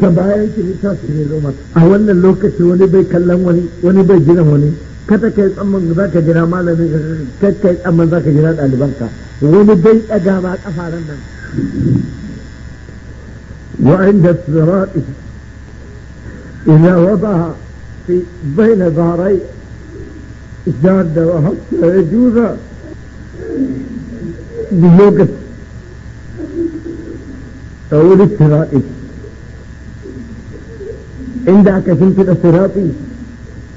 ta baya yake littafi ne zoma a wannan lokaci wani bai kallon wani wani bai jiran wani kada kai tsamman za ka jira malamin kada kai tsamman za ka jira ɗalibanka wani bai ɗaga ma ƙafaren nan وعند الصراط إذا وضع في بين ظهري ازداد وهبت يجوز بلوقت أو الافتراء عندك في الصراط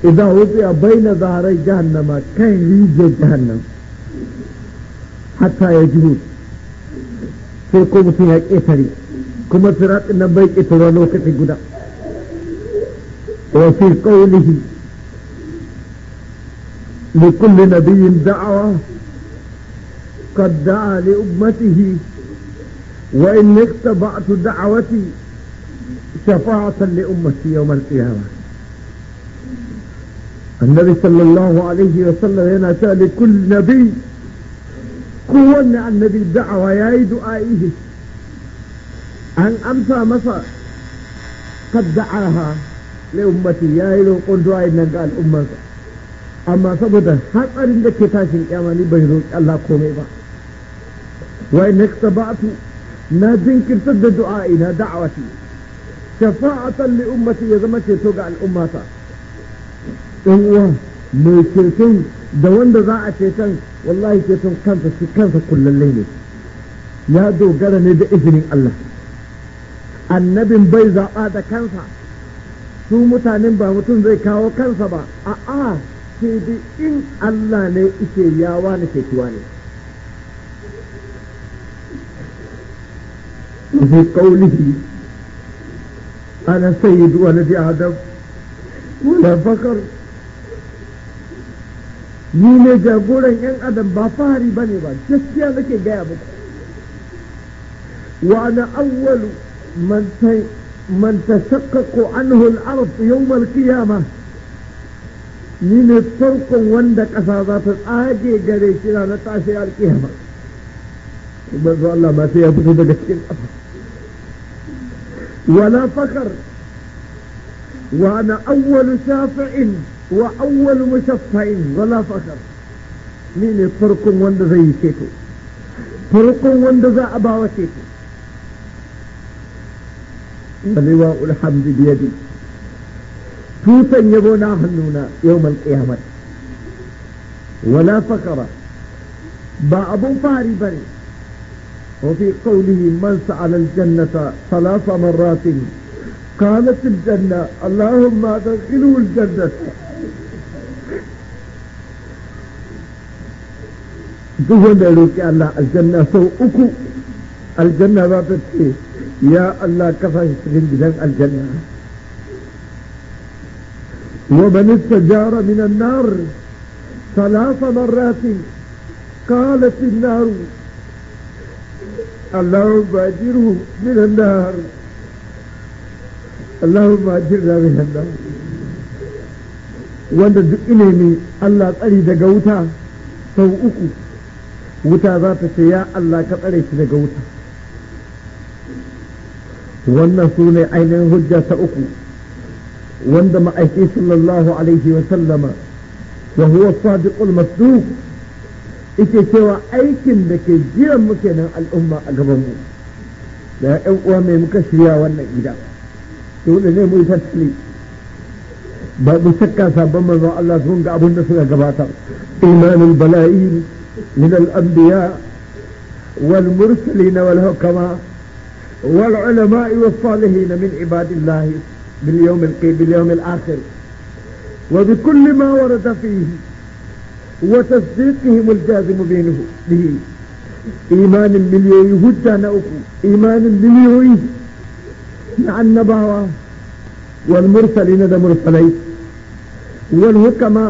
إذا وضع بين ظهري جهنم كان يوجد جهنم حتى يجهود في قوم فيها إثري كما صراط نبيك إثرانو كتي قدا وفي قوله لكل نبي دعوة قد دعا لأمته وإن اختبعت دعوتي شفاعة لأمتي يوم القيامة النبي صلى الله عليه وسلم هنا تالي كل نبي قولنا عن نبي الدعوة يا يد آئيه أن أمسى مسا قد دعاها لأمتي يا يد قلت رأي نقال أمتي أما ثبت حق أرد كتاش يأماني بيروك الله كوميبا وإن اختبعت ما ذنكر تد دعائنا دعوتي shafa'atan li ummati ya zama ceto ga al'ummata ɗan uwa mai ceton da wanda za a ceton wallahi ceton kansa shi kansa kullalle ne ya dogara ne da izinin Allah annabin bai zaɓa da kansa su mutanen ba mutum zai kawo kansa ba a'a sai dai in Allah ne ike yawa na cetuwa ne Zai قوله أنا سيد ولد آدم ولا فخر ni ne jagoran 'yan adam ba fahari ba ne ba gaskiya nake gaya muku wa na awwalu man tashaqqaqu anhu al-ard yawm al-qiyamah ni ne farkon wanda ƙasa za ta tsage gare shi na tashi al-qiyamah Allah ma sai ya fito daga cikin ƙasa ولا فخر وأنا أول شافع وأول مشفع ولا فخر مين فرقم وند زي شيتو فرقم وند ذا أبا وشيتو فلواء الحمد بيدي توتا يبونا هنونا يوم القيامة ولا فخر با أبو فاري بري وفي قوله من سعل الجنة ثلاث مرات قالت الجنة اللهم أدخله الجنة دون ذلك يا الله الجنة سوء اكو الجنة رابط يا الله كفى يسجن بذلك الجنة ومن استجار من النار ثلاث مرات قالت النار اللهم أجره من النار اللهم أجرنا من النار wanda duk ne Allah tsari daga wuta sau uku wuta za ta ce ya Allah ka tsare shi daga wuta wannan su ne ainihin hujja ta uku wanda ma'aiki sallallahu alaihi wa sallama wa huwa sadiqul masduq ita cewa aikin da ke jiran muke nan al'umma a gaban mu da yan uwa mai muka shirya wannan gida to dole ne mu yi tattali ba mu saka sabon manzo Allah sun ga abin da suka gabata imanul bala'in min al-anbiya wal mursalin wal hukama wal ulama wal salihin min ibadillah bil yawm al-qiyam bil yawm al-akhir وبكل ما ورد فيه وتصديقهم الجازم بينه به ايمان مليون يهجى نأكو ايمان مليون مع النبوة والمرسلين دم مرسلين والهكما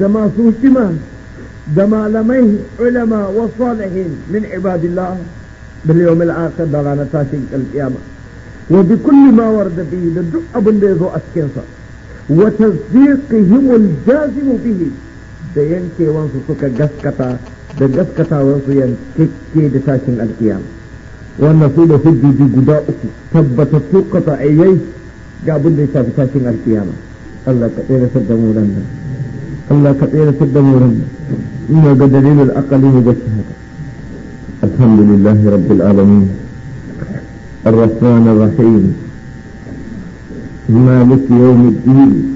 دما سوشما دما لميه علماء وصالحين من عباد الله باليوم الاخر دارا نتاشين القيامه وبكل ما ورد به لدعب الليزو اسكنسا وتصديقهم الجازم به da yankewansu suka gaskata da gaskatawansu yankakke da tashin alkiyar. wannan su da hujjoji guda uku tabbatattu qata'iyai ga abin da ya shafi tashin alkiyama Allah ka tsere da mu nan Allah ka tsere da mu nan ina ga dalilul aqli ne gaci haka alhamdulillah rabbil alamin الرحمن الرحيم مالك يوم الدين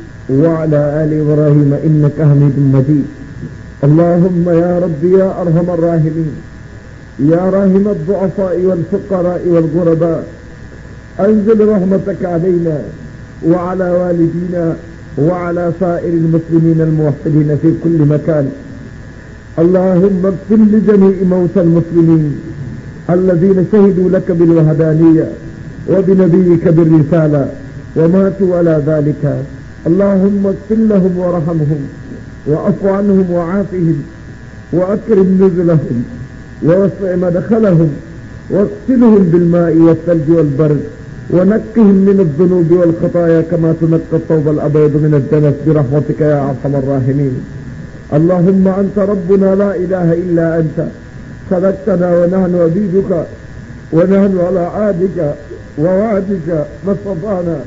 وعلى آل إبراهيم إنك حميد مجيد اللهم يا رب يا أرحم الراحمين يا راحم الضعفاء والفقراء والغرباء أنزل رحمتك علينا وعلى والدينا وعلى سائر المسلمين الموحدين في كل مكان اللهم اغفر لجميع موتى المسلمين الذين شهدوا لك بالوهدانية وبنبيك بالرسالة وماتوا على ذلك اللهم اغفر لهم وارحمهم وعف عنهم وعافهم وأكرم نزلهم ووسع مدخلهم واغسلهم بالماء والثلج والبرد ونقهم من الذنوب والخطايا كما تنقى الثوب الأبيض من الدنس برحمتك يا أرحم الراحمين اللهم أنت ربنا لا إله إلا أنت صدقتنا ونحن عبيدك ونحن على عهدك ووعدك ما استطعنا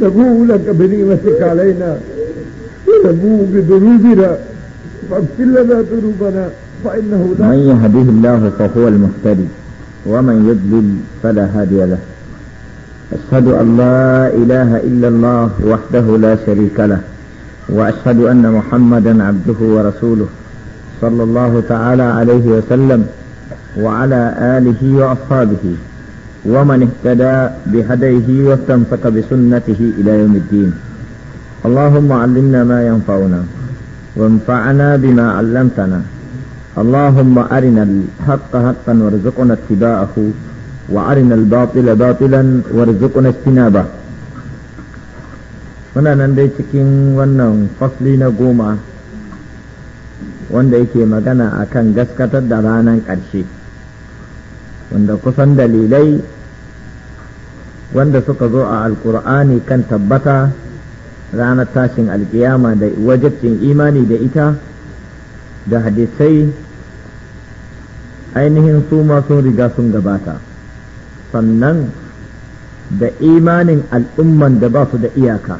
تبو لك بنعمتك علينا ونبوء بذنوبنا فاغفر لنا ذنوبنا فإنه لا من يهده الله فهو المهتدي ومن يضلل فلا هادي له أشهد أن لا إله إلا الله وحده لا شريك له وأشهد أن محمدا عبده ورسوله صلى الله تعالى عليه وسلم وعلى آله وأصحابه ومن اهتدى بهديه واستمسك بسنته إلى يوم الدين اللهم علمنا ما ينفعنا وانفعنا بما علمتنا اللهم أرنا الحق حقا وارزقنا اتباعه وأرنا الباطل باطلا وارزقنا اجتنابه muna nan dai cikin wannan قوما na goma wanda yake magana akan gaskatar wanda kusan dalilai wanda suka zo a alkur'ani kan tabbata ranar tashin alkiyama da wajabcin imani da ita da hadisai ainihin su sun riga sun gabata sannan da imanin al'umman da ba su da iyaka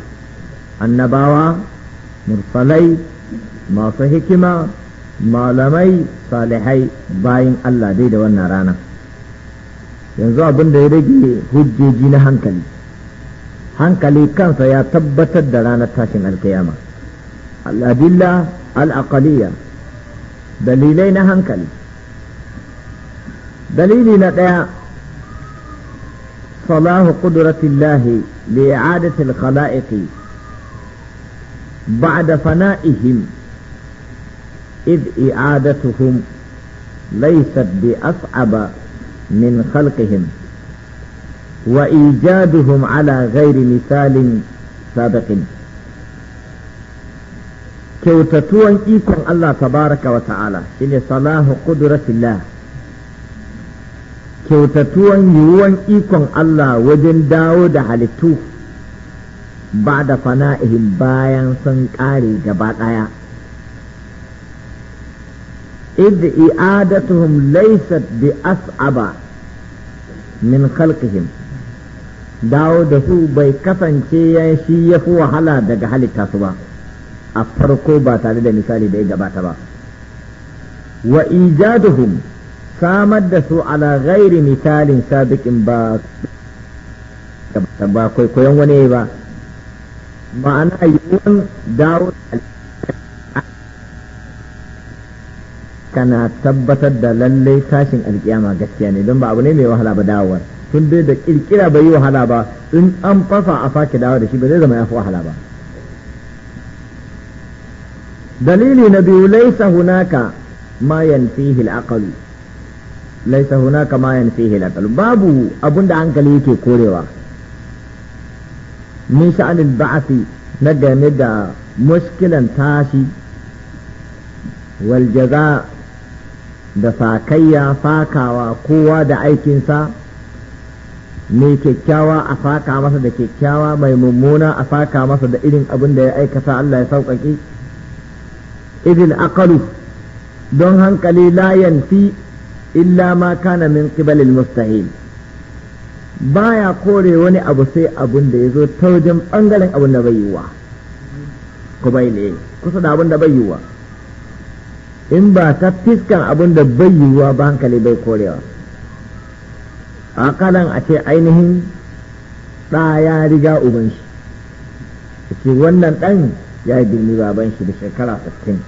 annabawa mursalai masu hikima malamai salihai bayan Allah dai da wannan rana yanzu abin da ya rage hujjaji na hankali hankali kansa ya tabbatar da ranar tashin alkiyama al'adilla al'aqaliya dalilai na hankali dalili na ɗaya صلاح قدرة الله لإعادة الخلائق بعد فنائهم i'adatuhum إعادتهم ليست asaba. min من خلقهم وإيجادهم ala غير misalin سابق kyautatuwan ikon Allah tabaraka wa ta'ala shine salahu qudratillah kyautatuwan yiwuwan ikon Allah wajen dawo da halittu ba da fana'ihim bayan sun ƙare gaba ɗaya إذ إعادتهم ليست بأصعب من خلقهم dawo da su bai kasance ya shi ya fi wahala daga halitta su ba a farko ba tare da misali da ya gabata ba wa ijaduhum samar da su ala ghairi misalin sabiqin ba ba kwaikwayon wani ba ma'ana yiwuwan dawo da kana tabbatar da lallai tashin alkiyama gaskiya ne don ba abu ne mai wahala ba dawowar tun dai da kirkira bai yi wahala ba in an fasa a sake dawo da shi ba zai zama ya fi wahala ba dalili na biyu laisa hunaka ma yanfihi al laisa hunaka ma yanfihi babu abunda hankali yake korewa min sha'anin ba'asi na game da muskilan tashi wal jaza' da sakayya fakawa kowa da aikinsa mai kyakkyawa a faka masa da kyakkyawa mai mummuna a faka masa da irin abin da ya aikata Allah ya sauƙaƙe idil aqalu don hankali la yanfi illa ma kana min qibalil mustahil baya kore wani abu sai abun da ya zo ta wajen bangaren abin da bai yiwa ku bai ne kusa da abin da bai yiwa in ba ta fiskan abin da bai yiwuwa ba hankali bai korewa akalan a ce ainihin ɗa ya riga uban shi ce wannan ɗan ya yi girmi baban shi da shekara 60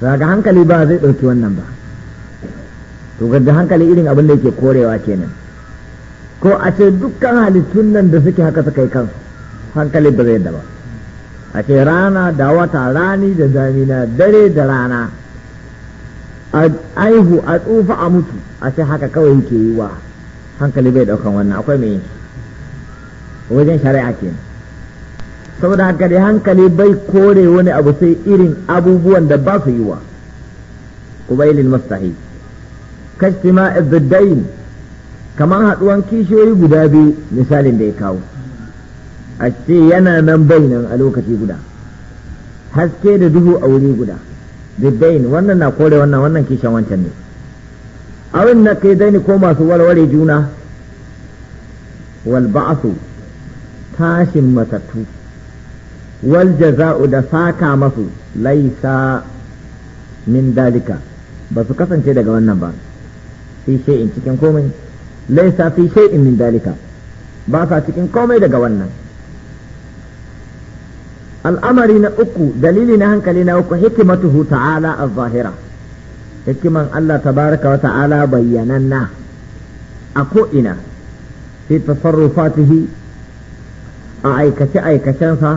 daga hankali ba zai ɗauki wannan ba to ga hankali irin abin da yake korewa kenan ko a ce dukkan halittun nan da suke haka suka yi kansu hankali ba zai da ba a rana da wata rani da damina dare da rana a aihu a tsufa a mutu a ce haka kawai yake yi wa hankali bai daukan wannan akwai mai wajen shari'a ke saboda haka dai hankali bai kore wani abu sai irin abubuwan da ba su yi wa kubailin mustahi kashtima ibdain kamar haduwan kishiyoyi guda biyu misalin da ya kawo a ce yana nan bai nan a lokaci guda haske da duhu a wuri guda biddain wannan na kore wannan wannan kishan wancan ne awin na kai daini ko masu warware juna wal ba'su tashin matattu wal jaza'u da saka masu laisa min dalika ba su kasance daga wannan ba fi shay'in cikin komai laisa fi shay'in min dalika ba sa cikin komai daga wannan al'amari na uku dalili na hankali na uku hikimatuhu ta'ala az-zahira hikiman Allah tabaraka wa ta'ala bayyananna a ko'ina fi tasarrufatihi a aikace aikacensa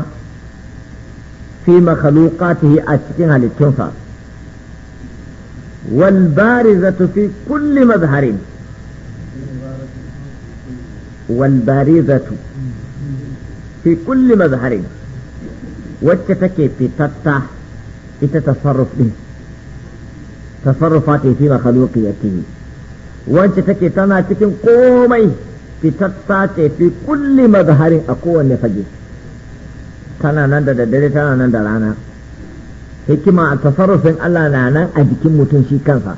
fi makhluqatihi a cikin halittunsa wal barizatu fi kulli mazharin wal barizatu fi kulli mazharin wacce take fitatta ita tasarruf din tasarrufa ta fi makhluqiyatihi wacce take tana cikin komai fitatta ta fi kulli mazharin a kowanne fage tana nan da daddare tana nan da rana hikima a tasarrufin Allah na nan a jikin mutum shi kansa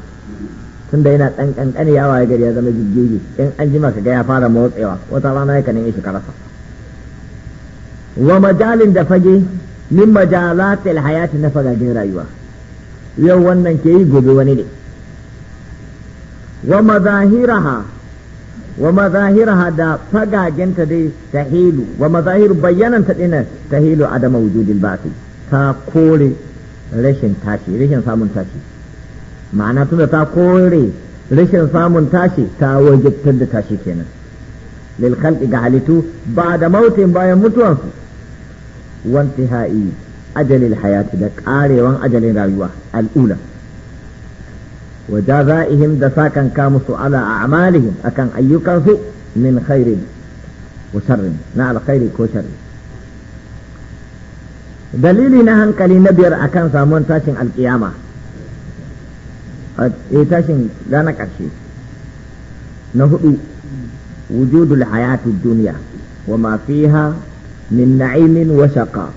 da yana ɗan yawa ya waye gari ya zama jijjigi in an jima ka ga ya fara motsewa wata rana ya kanin shi karasa wa majalin da fage min majalatil hayati na fagagen rayuwa yau wannan ke yi gobe wani ne wa mazahiraha wa da fagagenta dai ta helu wa mazahiru bayyanan ta ta helu adama wujudil ba'thi ta kore rashin tashi rashin samun tashi ma'ana tunda ta kore rashin samun tashi ta wajibtar da tashi kenan lil khalqi ga halittu ba da mautin bayan mutuwansu وانتهاء أجل الحياة دقاري وان أجل رايوة الأولى وجزائهم دساكا كامس على أعمالهم أكن أيكا من خير وشر نعل خير وشر dalili na hankali na biyar akan samun tashin alkiyama tashin ranar ƙarshe na hudu wujudul hayatid duniya wa ma min na'imin wa shaqa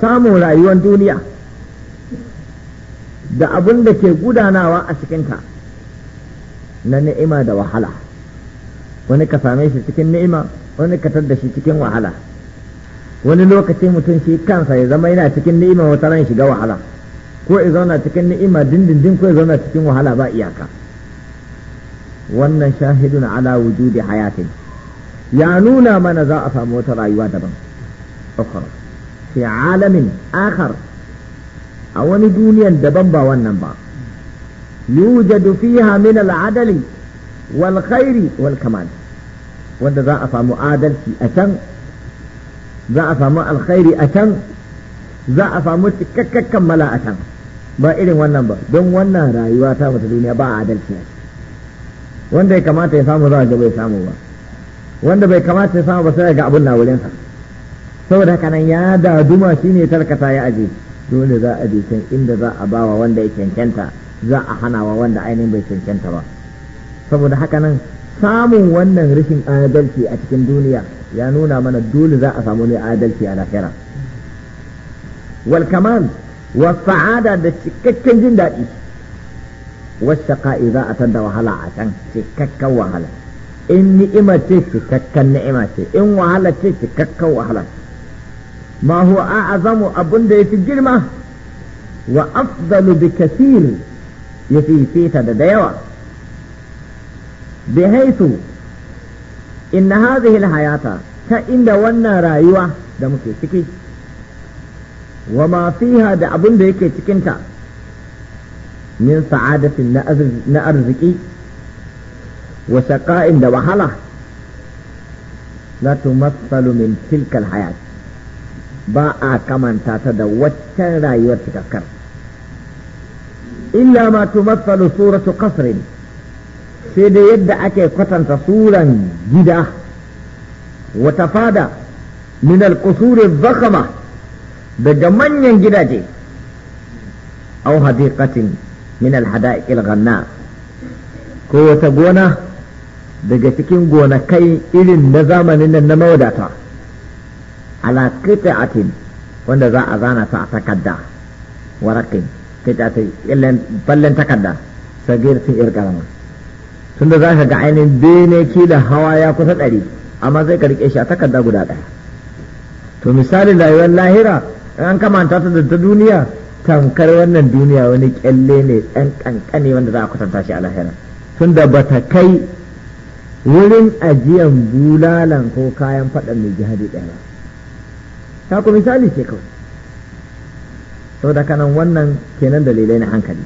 samun rayuwar duniya da abin da ke gudanawa a cikinka na ni'ima da wahala wani ka same shi cikin ni'ima wani ka da shi cikin wahala wani lokaci mutum shi kansa ya zama yana cikin ni'ima wata ran shiga wahala ko ya zauna cikin ni'ima dindindin ko ya zauna cikin wahala ba iyaka wannan shahidun ala wujudi hayatin ya nuna mana za a samu wata rayuwa daban ukhra fi alamin akhar a wani duniyan daban ba wannan ba yujadu fiha min al-adali wal khairi wal kamal wanda za a samu adalci a can za a samu alkhairi a can za a samu cikakken kammala a can ba irin wannan ba don wannan rayuwa ta wata duniya ba adalci wanda ya kamata ya samu za a gaba ya samu ba wanda bai kamata ya samu ba sai ga abun na wurinsa saboda haka nan ya daduma shine tarkata ya aje dole za a je inda za a bawa wanda ya cancanta za a hanawa wanda ainihin bai cancanta ba saboda haka nan samun wannan rashin adalci a cikin duniya ya nuna mana dole za a samu ne adalci a lahira wal kamal wa sa'ada da cikakken jin daɗi wasu shaqa'i za a tanda wahala a can cikakken wahala in ni'ima ce cikakken ni'ima ce in wahala ce cikakken wahala ma huwa a'azamu abun da yafi girma wa afdalu bi ya fi fita da dayawa bi haitu inna hadhihi alhayata ta inda wannan rayuwa da muke ciki wa ma fiha da abun da yake cikinta min sa'adatin na arziki wa shaqa'in wahala la tumassalu min tilkal ba a kamanta ta da waccan rayuwar cikakkar illa ma tumassalu suratu qasrin sai da yadda ake kwatanta suran gida wata fada min al-qusuri daga manyan gidaje aw hadiqatin min al-hada'iq ko wata gona daga cikin gonakai irin na zamanin nan na mawadata ala qita'atin wanda za a zana sa a takadda warakin qita'atin illan ballan takadda sagirtin irkarama tunda za ka ga ainihin bene da hawa ya kusa ɗari amma zai ka rike shi a takadda guda ɗaya to misali rayuwar lahira an kamanta ta da ta duniya tamkar wannan duniya wani ƙyalle ne ɗan ƙanƙane wanda za a kusanta shi a lahira tunda ba ta kai wurin ajiyan bulalan ko kayan faɗan mai jihadi ɗaya ta ku misali ce kawai sau da kanan wannan kenan dalilai na hankali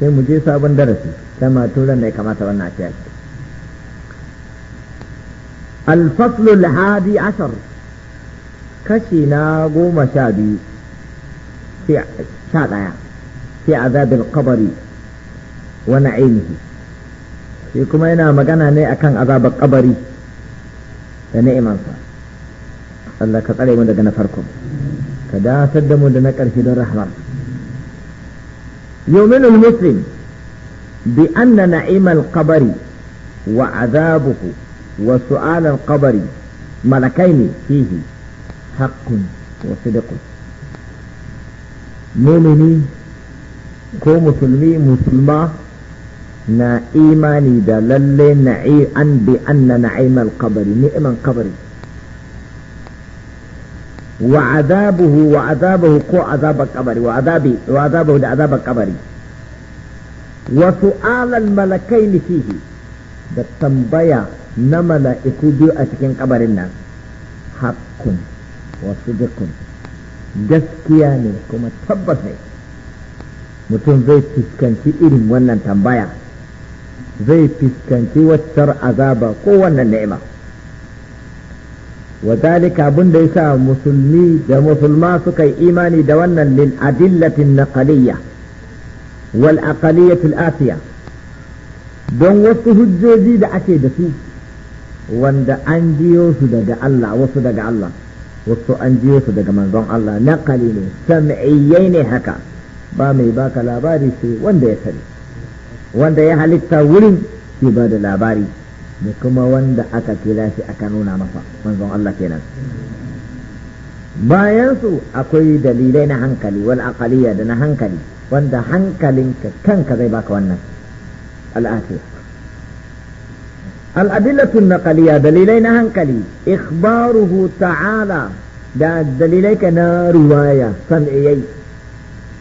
sai mu je sabon darasi ta turan da ya kamata wannan a ciyar الفصل الحادي عشر كشنا sha ɗaya ɗaya a في kabari wani ainihi. shi kuma yana magana ne akan azabar kabari da ni'imansa Allah ka tsare mu daga na farko ka dasar da mu da na ƙarshe don rahmar yuminul muslim bi anna na'imal kabari wa azabuhu wa su'alal kabari malakai ne fihi haƙƙun wa sidqun mumini ko musulmi musulma na imani da lalle na'i an bi anna na'imal qabri ni'man qabri wa azabuhu wa azabuhu ko azabar qabri wa azabi wa azabuhu da azabar qabri wa su'alal malakain fihi da tambaya na mala'iku biyu a cikin kabarin nan hakkun wa sidqun gaskiya ne kuma tabbas mutum zai fuskanci irin wannan tambaya zai fiskanci waccar azaba kowannan wannan ni'ima wa zalika abin da yasa musulmi da musulma suka yi imani da wannan lil adillatin naqaliyya wal aqaliyatul afiya don wasu hujjoji da ake da su wanda an jiyo su daga Allah wasu daga Allah wasu an jiyo su daga manzon Allah naqali ne sam'iyyai ne haka ba mai baka labari sai wanda ya sani wanda ya halitta wurin shi ba da labari da kuma wanda aka kira shi aka nuna masa manzon Allah kenan bayan su akwai dalilai na hankali wal aqaliya da na hankali wanda hankalinka kanka zai baka wannan al'afiya al'adillatu naqaliya dalilai na hankali ikhbaruhu ta'ala da dalilai ka na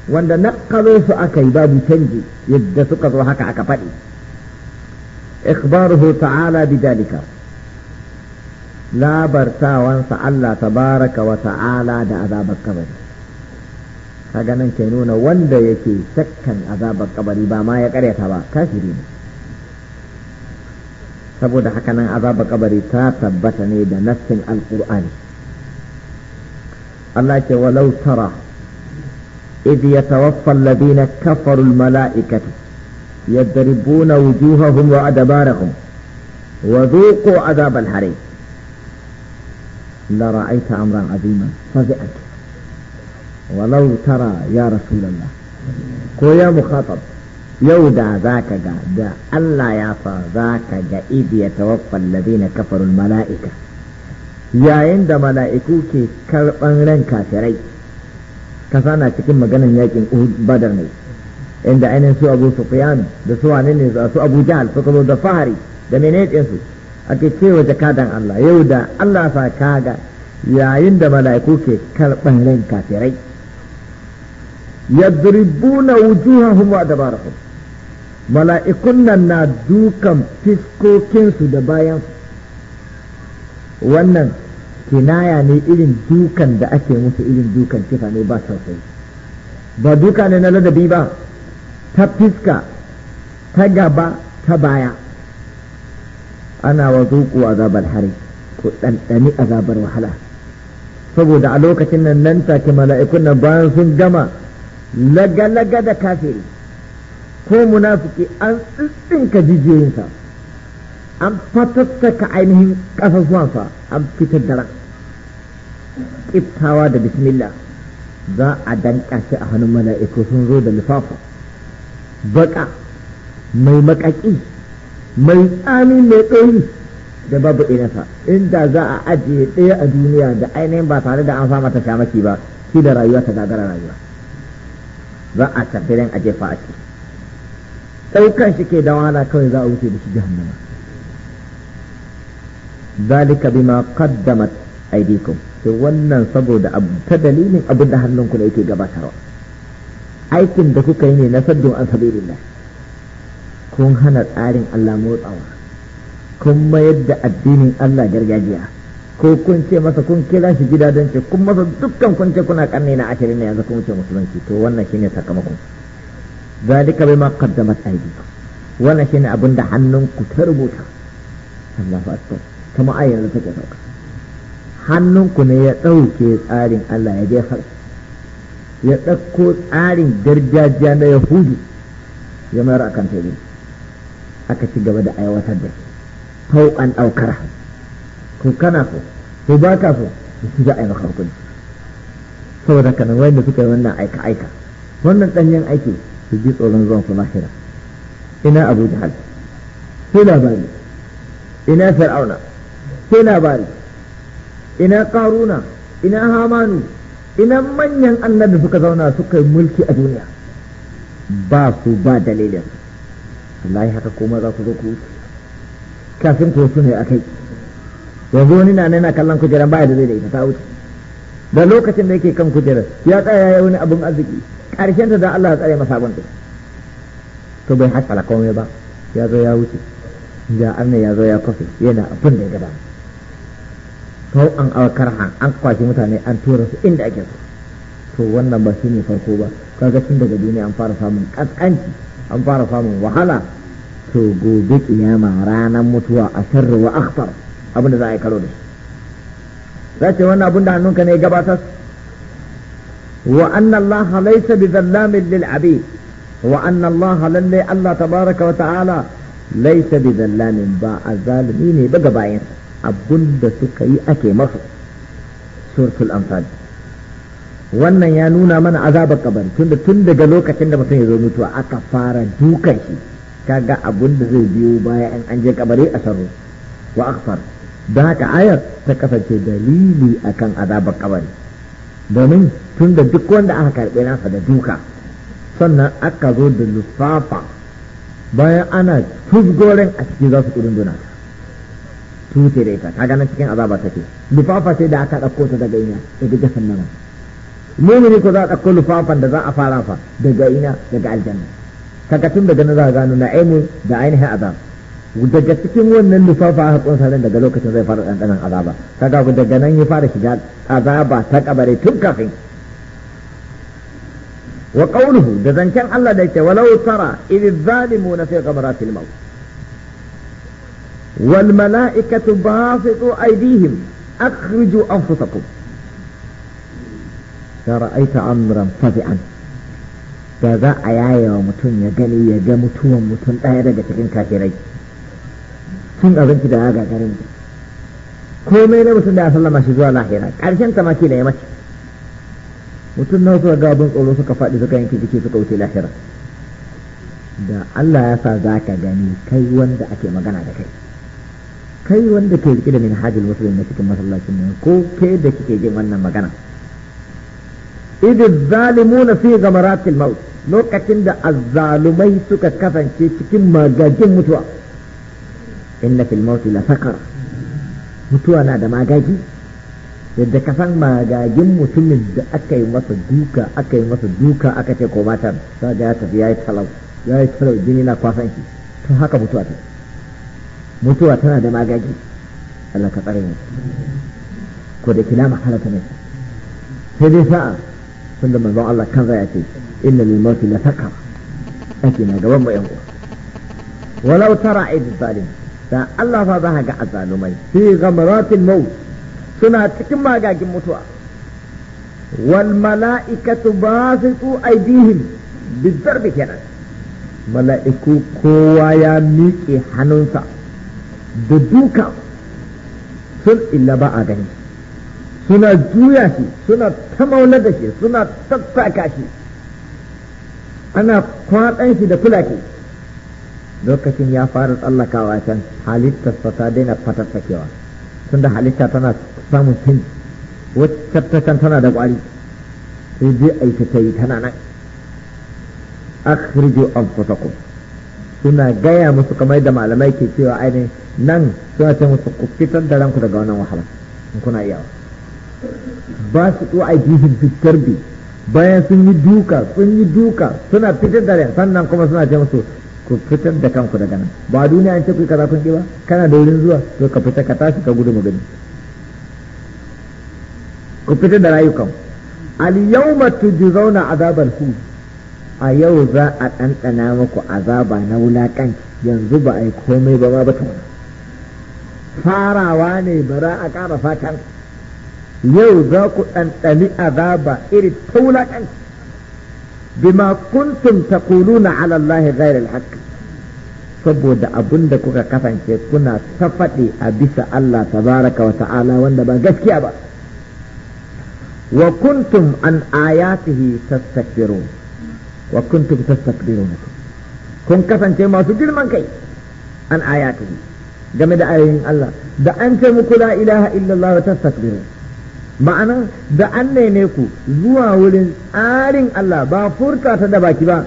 wanda nakalo su aka yi babu canji yadda suka zo haka aka faɗi ikhbaruhu ta'ala bidalika labartawansa Allah tabaraka wa ta'ala da azabar kabari kaga nan ke nuna wanda yake shakkan azabar kabari ba ma ya karyata ba kafiri ne saboda haka nan azabar kabari ta tabbata ne da nassin alkur'ani Allah ke walau tara إذ يتوفى الذين كفروا الملائكة يضربون وجوههم وأدبارهم وذوقوا عذاب الحريق لرأيت أمرا عظيما فزئت ولو ترى يا رسول الله ko ya mukhatab yau da za ka ga da Allah ya sa za ka ga idi ya tawaffan ladina kafarul mala'ika yayin da mala'iku ke karɓan ran kafirai kasa na cikin maganan yakin badar ne inda ainihin su abu sufyan da su wane ne su abu jahal suka zo da fahari da menene su ake cewa jakadan Allah yau da Allah sa kaga yayin da mala'iku ke karban ran kafirai yadribuna wujuhahum wa dabarahum mala'ikun nan na dukan fiskokinsu da bayan wannan kinaya ne irin dukan da ake musu irin dukan kifa ne ba sosai ba duka ne na ladabi ba ta fiska ta gaba ta baya ana wa zuku azabar hari ko ɗanɗani azabar wahala saboda a lokacin nan nan take mala'ikun nan bayan sun gama laga-laga da kafiri ko munafiki an tsintsinka jijiyoyinsa an fatattaka ainihin ƙasa ƙasusuwansa an fitar da ran Ƙiftawa da bismillah za a danka shi a hannun mala'iku sun zo da lifafa baka mai makaki mai tsami mai ɗoyi da babu inasa inda za a ajiye ɗaya a duniya da ainihin ba tare da an fama ta shamaki ba shi da rayuwa ta gagara rayuwa za a tafi a jefa a ciki ɗaukan shi ke da wahala kawai za a wuce da shi jahannama ذلك بما قدمت أيديكم sai wannan saboda ta dalilin abin da hannunku ne yake gabatarwa aikin da kuka yi ne na saddon an sabilillah kun hana tsarin Allah motsawa kun mayar da addinin Allah gargajiya ko kun ce masa kun kira shi gida don ce kun masa dukkan kun ce kuna karni na ashirin na yanzu kun ce musulunci to wannan shine sakamakon zalika bai ma qaddamat aiki, wannan shine abin da hannunku ta rubuta Allahu akbar kuma ayyana take sauka hannunku ne ya ɗauke tsarin Allah ya je har ya ɗauko tsarin gargajiya na yahudu ya mayar a kan tebur aka ci gaba da aiwatar da shi an ɗaukar ko kana so ko ba ka so da shi za a yi maka hukunci saboda kana wanda suka yi wannan aika aika wannan ɗanyen aiki su ji tsoron zuwan su lahira ina abu hal sai labari ina fir'auna sai labari ina karuna ina hamanu ina manyan annabi suka zauna suka yi mulki a duniya ba su ba dalilin wallahi haka kuma za ku zo ku kafin ku su ne a kai yanzu wani na nan kallon kujeran baya da zai da ita ta wuce da lokacin da yake kan kujeran ya tsaya ya wani abun arziki karshen da Allah ya tsare masa abin to bai hakala komai ba ya zo ya wuce ya annan ya zo ya kofi yana abun da ya gabata sau an awakarha an kwashi mutane an tura su inda ake so to wannan ba shi ne farko ba kaga tun daga duniya an fara samun kaskanci an fara samun wahala to gobe kiyama ranar mutuwa a sharri wa akhtar abin da za a yi karo da shi za ce wannan abin da hannunka ne gabatar wa anna Allah laysa bi zallamin lil wa anna Allah lalle Allah tabaraka wa ta'ala laysa bi zallamin ba azalimi ne ba gabayinsa abunda suka yi ake masu surtul amsal wannan ya nuna mana azabar kabari tunda tun daga lokacin da mutum ya zo mutuwa aka fara dukan shi kaga abun da zai biyo baya in an je kabari a sarro wa akfar da haka ayar ta kasance dalili akan azabar kabari domin tun da duk wanda aka karɓe nasa da duka sannan aka zo da lissafa bayan ana tuzgorin a cikin za su kudin tutere ta kaga cikin azaba take lufafa sai da aka ɗauko ta daga ina daga jahannama mumini ko za a ɗauko lufafan da za a fara fa daga ina daga aljanna kaga tun daga za a gano na aini da ainihin azab daga cikin wannan lufafa a kunsa ran daga lokacin zai fara ɗanɗanon azaba kaga daga nan ya fara shiga azaba ta kabare tun kafin wa qawluhu da zancen Allah da yake walau tara idh zalimuna fi ghamratil maut wal mala'ikatu basitu aydihim akhriju anfusakum ta ra'aita da za a wa mutum ya gani ya ga mutuwan mutum ɗaya daga cikin kafirai cin abinci da ya gagarin mutum komai na mutum da ya sallama shi zuwa lahira ƙarshen ta maki da ya mace mutum na wasu ga abin tsoro suka faɗi suka yanke jiki suka wuce lahira da Allah ya sa za ka gani kai wanda ake magana da kai kai wanda ke riƙe da minhajul muslim na cikin masallacin nan ko kai da kike jin wannan magana idh zalimuna fi ghamaratil maut lokacin da azzalumai suka kasance cikin magajin mutuwa inna fil maut la saqar mutuwa na da magaji yadda ka san magagin mutumin da aka yi masa duka aka yi masa duka aka ce ko matar kaga ya tafi yayi talau yayi talau jini na kwasan shi to haka mutuwa ta mutuwa tana da magagi Allah ka tsare mu ko da kila mahalata ne sai dai sa'a sun da manzon Allah kan zai ce inna lil mauti la sakara ake na gaban mu yan uwa walau tara idh zalim da Allah fa za ga azalumai fi ghamaratil maut suna cikin magagin mutuwa wal mala'ikatu basitu aydihim bizarbi kenan mala'iku kowa ya miƙe hannunsa da duka sun illa ba a gani suna juya shi suna ta maula da shi suna tattaka shi ana kwaɗan shi da fulaki lokacin ya fara tsallakawa can halittarsa ta daina fatattakewa tunda halitta tana samun cin wacce ta tana da ƙwari sai dai aikata yi tana nan akhriju anfusakum suna gaya musu kamar da malamai ke cewa ainihin nan suna ce musu ku fitar da ranku daga wannan wahala in kuna iyawa ba su ɗo fitar bi bayan sun yi duka sun yi duka suna fitar da ran sannan kuma suna ce musu ku fitar da kanku daga nan ba duniya an ce ku kaza kun ba kana da wurin zuwa to ka fita ka tashi ka gudu magani ku fitar da rayukan al yawma tujzauna azabal hu. a yau za a ɗanɗana muku azaba na wulaƙan yanzu ba a yi komai ba ma ba farawa ne bara a ƙara fatan yau za ku ɗanɗani azaba iri ta wulaƙan bima kuntum ta ala Allah ghayra haqq saboda abin da kuka kasance kuna ta faɗi a bisa Allah tabaraka wa ta'ala wanda ba gaskiya ba wa kuntum an ayatihi tastakbirun wa kuntum tastakbiruna kun kasance masu girman kai an ayatihi game da ayoyin Allah da an ce muku la ilaha illallah wa tastakbiru ma'ana da an nene ku zuwa wurin tsarin Allah ba furta ta da baki ba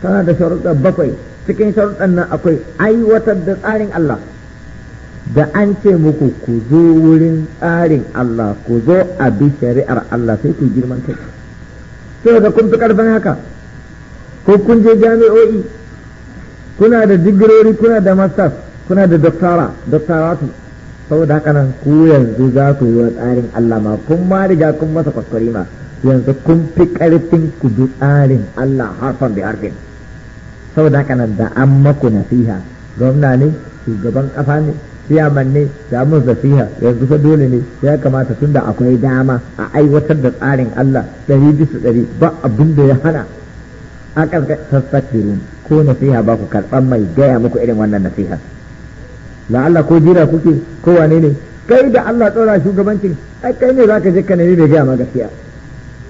tana da sharuɗa bakwai cikin sharuɗan nan akwai aiwatar da tsarin Allah da an ce muku ku zo wurin tsarin Allah ku zo a bi shari'ar Allah sai ku girman kai sai da kun fi karfin haka ko kun je jami'o'i kuna da digirori kuna da masters kuna da doctora doctoratu saboda haka nan ku yanzu za ku yi wa tsarin Allah ma kun ma riga kun masa kwaskwari ma yanzu kun fi karfin ku bi tsarin Allah harfan bi harfin saboda haka nan da an maku nasiha gwamna ne shugaban kafa ne siyaman ne da mun nasiha yanzu fa dole ne ya kamata tunda akwai dama a aiwatar da tsarin Allah ɗari bisa dari ba abin da ya hana akan tastakbirun ko nasiha ba ku karɓar mai gaya muku irin wannan nasiha la Allah ko jira kuke ko wane ne kai da Allah tsora shugabancin ai kai ne ka je ka nemi mai gaya ma gaskiya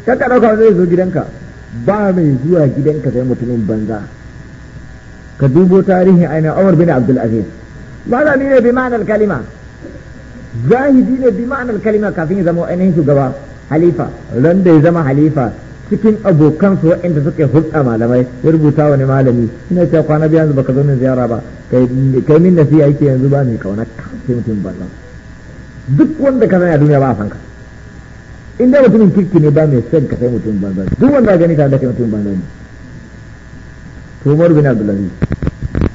ka ka dauka zai zo gidanka ba mai zuwa gidanka sai mutumin banza ka dubo tarihin aina Umar bin Abdul Aziz malami ne bi ma'anar kalima zahidi ne bi ma'anar kalima kafin ya zama ainihin shugaba halifa ran da ya zama halifa cikin abokansu waɗanda suke hulɗa malamai ya rubuta wani malami ina cewa kwana biyu yanzu baka zo min ziyara ba kai min siya yake yanzu ba mai kauna ka sai mutum banza duk wanda ka sani a duniya ba a san ka in da mutumin kirki ne ba mai son ka sai mutum banza duk wanda gani ta da kai mutum banza ne to Umar bin Abdullahi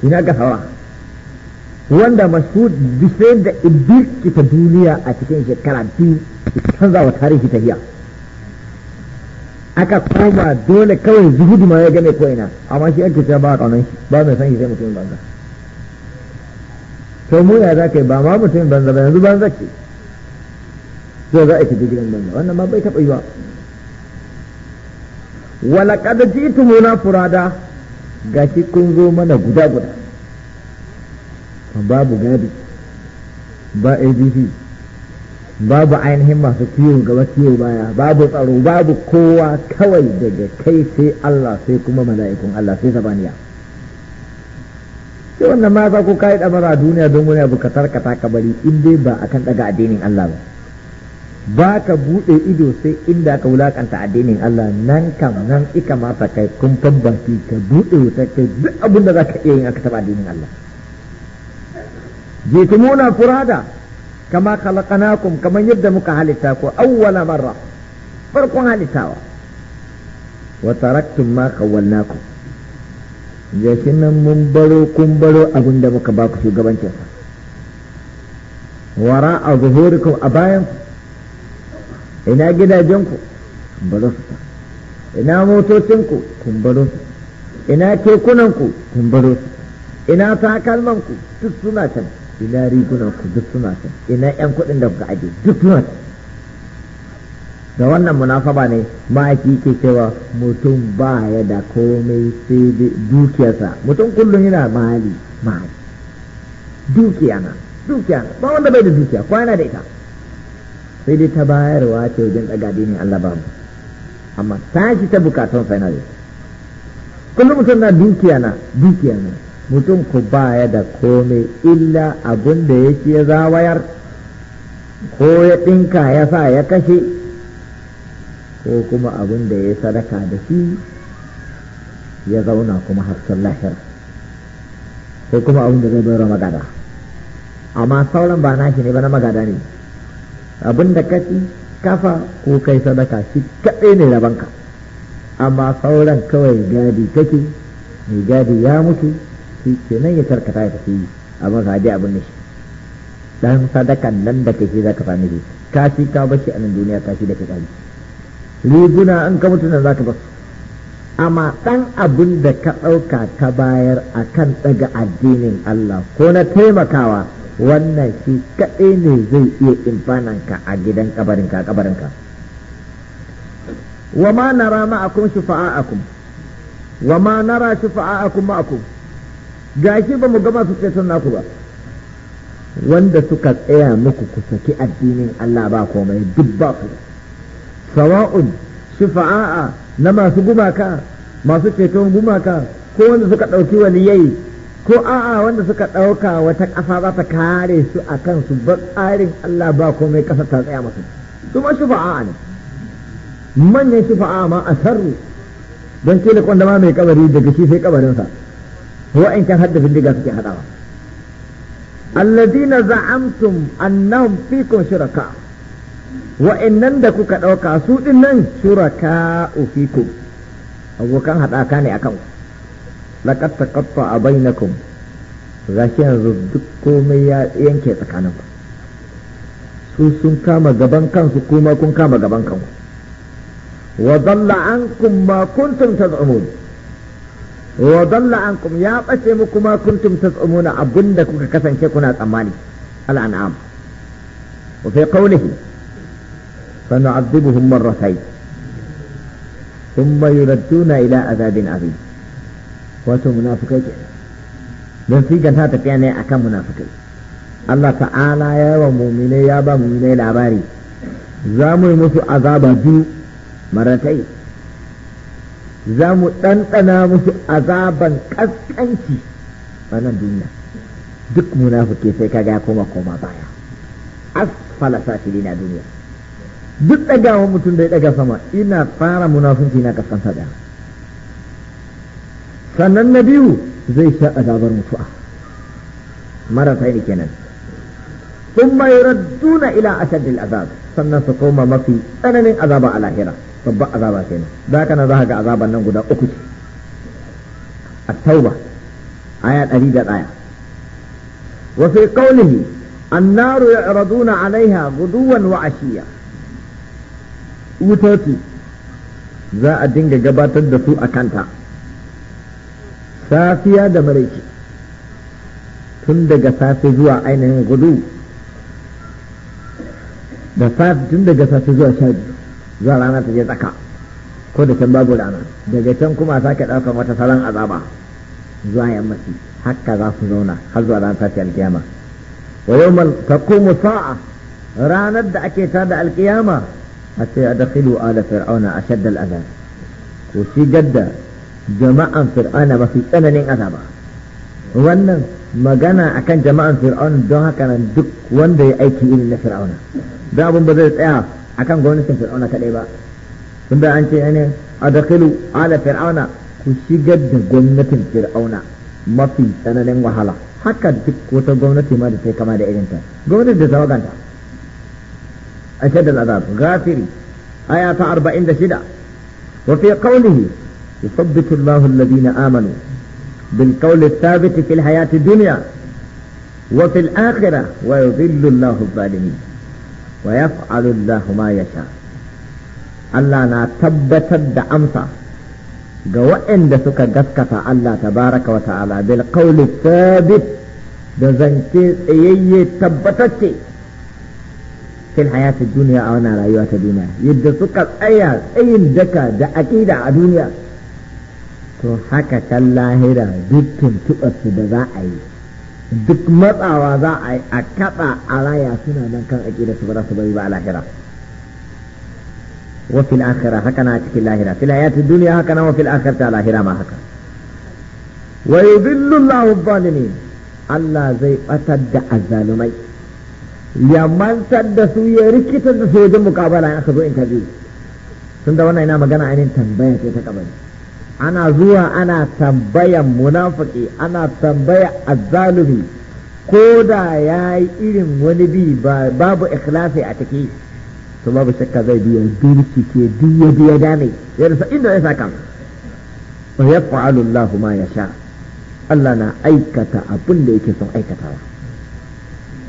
ina ga hawa wanda mashhur bisai da ibirki ta duniya a cikin shekara biyu canza wa tarihi ta hiya aka koma dole kawai zuhudu ma ya game ko'ina amma shi ake cewa ba kaunan shi ba mai san shi sai mutumin banza to mu ya za ka yi ba ma mutumin banza ba yanzu banza ke sai za a shiga gidan banza wannan ma bai taɓa yi ba walaƙada ji tumuna furada shi kun zo mana guda guda babu gadi ba abc babu ainihin masu kiwo gaba kiwo baya babu tsaro babu kowa kawai daga kai sai Allah sai kuma mala'ikun Allah sai sabaniya sai wannan ma ku kai damara duniya don wani abu ka tarkata ka bari in dai ba akan daga addinin Allah ba ba ka buɗe ido sai inda ka wulakanta addinin Allah nan kam nan ika mata kai kun baki ka buɗe wuta kai duk abin da za ka iya yin aka taɓa addinin Allah jitumuna furada kama khalaqnakum kaman yadda muka halitta ku awwala marra farkon halittawa wa taraktum ma khawwalnakum gashi nan mun baro kun baro abin da muka ku shugabancin sa wara a zuhurikum a bayan ku ina gidajenku baro su ina motocin ku kun baro su ina kekunan ku kun baro su ina takalmanku duk suna can ina rigunan ku duk suna can ina yan kuɗin da kuka aje duk suna can da wannan munafaba ne ma'aiki ke cewa mutum ba ya da komai sai dukiyarsa mutum kullum yana mali mali dukiya na dukiya ba wanda bai da dukiya yana da ita sai dai ta bayarwa ce wajen daga ne Allah ba mu amma tashi ta bukatun sai na kullum mutum na dukiya na dukiya na mutum ku baya da komai illa abin da yake ya zawayar ko ya ɗinka ya sa ya kashe ko kuma abin da ya sadaka da shi ya zauna kuma hasken lahira ko kuma abin da zai bayar magada amma sauran ba nashi ne ba na magada ne abin da kashi kafa ko kai sadaka shi kaɗai ne rabanka amma sauran kawai gadi kake mai gadi ya mutu shi nan ya karkata ya tafi a sa a abin shi. dan sadakan nan da kake zaka sami shi kashi ka bashi a nan duniya ka shi da fitali riguna an ka mutu nan zaka basu amma dan abin da ka ɗauka ka bayar akan daga addinin Allah ko na taimakawa wannan shi kadai ne zai iya ka a gidan kabarinka a kabarinka wa ma nara ma'akum shufa'a'akum wa ma nara shufa'a'akum ma'akum Ga shi ba mu ga masu ceton naku ba wanda suka tsaya muku ku saki addinin Allah ba komai duk ba ku sawa'un shifa'a na masu gumaka masu ceton gumaka ko wanda suka ɗauki waliyai ko a'a wanda suka ɗauka wata ƙasa za ta kare su a kansu ba tsarin Allah ba komai ƙasa ta tsaya masu su ma shifa'a ne manyan shifa'a ma a sarru don da kwandama mai kabari daga shi sai kabarinsa wa'ancan hadda bindiga suke hadawa alladina za'amtum annahum fikum shuraka wa'annan da kuka ɗauka su din nan shuraka fikum abokan haɗaka ne akan laqad taqatta bainakum gashi yanzu duk komai ya yanke tsakaninku su sun kama gaban kansu kuma kun kama gaban kanku wa dalla ankum ma kuntum tad'umun wa dalla ankum ya bace muku ma kuntum tasumuna abinda kuka kasance kuna tsammani al'an'am wa fi qawlihi sanu'adhibuhum marratayn thumma yuradduna ila azabin azim wato munafikai ke don sigan ta tafiya ne akan munafikai Allah ta'ala ya wa mu'minai ya ba mu'minai labari za mu yi musu azaba biyu maratai za mu ɗanɗana musu azaban ƙasƙanci a nan duniya duk munafiki sai kaga ya koma koma baya asfala safili na duniya duk ɗagawa mutum da ya ɗaga sama ina fara munafiki na ƙasƙanta da sannan na biyu zai sha azabar mutu'a marasa ne kenan ثم يردون ila أشد العذاب azab sannan ما mafi tsananin azaba a lahira babban azaba kenan da kana za ka ga azaban nan guda uku ce a tauba aya 101 wa fi qawlihi an-naru yu'raduna 'alayha guduwan wa 'ashiya wutoci za a dinga gabatar da su a kanta safiya da maraice tun daga safe zuwa ainihin gudu da safe tun daga safe zuwa sha biyu zuwa rana ta je tsaka ko da can babu rana daga can kuma sake ɗaukan wata salon azaba zuwa yammaci haka za su zauna har zuwa ranar tashi alkiyama wa yawmal taqumu sa'a ranar da ake ta da alkiyama hatta a da fir'auna a al'azab ko shi da jama'an fir'auna mafi tsananin azaba wannan magana akan jama'an fir'auna don haka nan duk wanda ya aiki irin na fir'auna da abun ba zai tsaya akan gwamnatin fir'auna kadai ba tunda an ce ne adkhilu ala fir'auna ku shigar da gwamnatin fir'auna mafi tsananin wahala haka duk wata gwamnati ma da ta kama da irinta gwamnati da tawaganta ashad al-azab ghafiri aya ta shida wa fi qawlihi yuthabbitu Allahu alladhina amanu bil qawli الثابت في الحياة الدنيا wa الآخرة ويذل الله الظالمين wa yaf'alu Allahu ya yasha Allah na tabbatar da amsa ga waɗanda suka gaskata Allah tabaraka wa ta'ala bil qawli thabit da zance tsayayye tabbatacce fil hayata duniya a wannan rayuwa ta duniya yadda suka tsaya tsayin daka da aƙida a duniya to haka kan lahira duk tuntuɓarsu da za a yi duk matsawa za a yi a kaɗa a raya suna nan kan aƙida su ba za su bari ba a lahira wa fil akhirah haka na cikin lahira fil hayatid dunya haka na wa fil akhirah lahira ma haka wa yudhillu Allahu adh-dhalimin Allah zai batar da azzalumai ya mantar da su ya rikitar da su wajen mukabala in aka zo interview tunda wannan ina magana ainihin tambaya ce ta kabari ana zuwa ana tambayan munafiki ana tambaya azzalumi ko da ya yi irin wani bi babu ikhlasi a ciki to babu shakka zai biya birki ke biya biya dame ya rasa inda ya saka wa ya fa'alullahu ma ya sha Allah na aikata abin da yake son aikatawa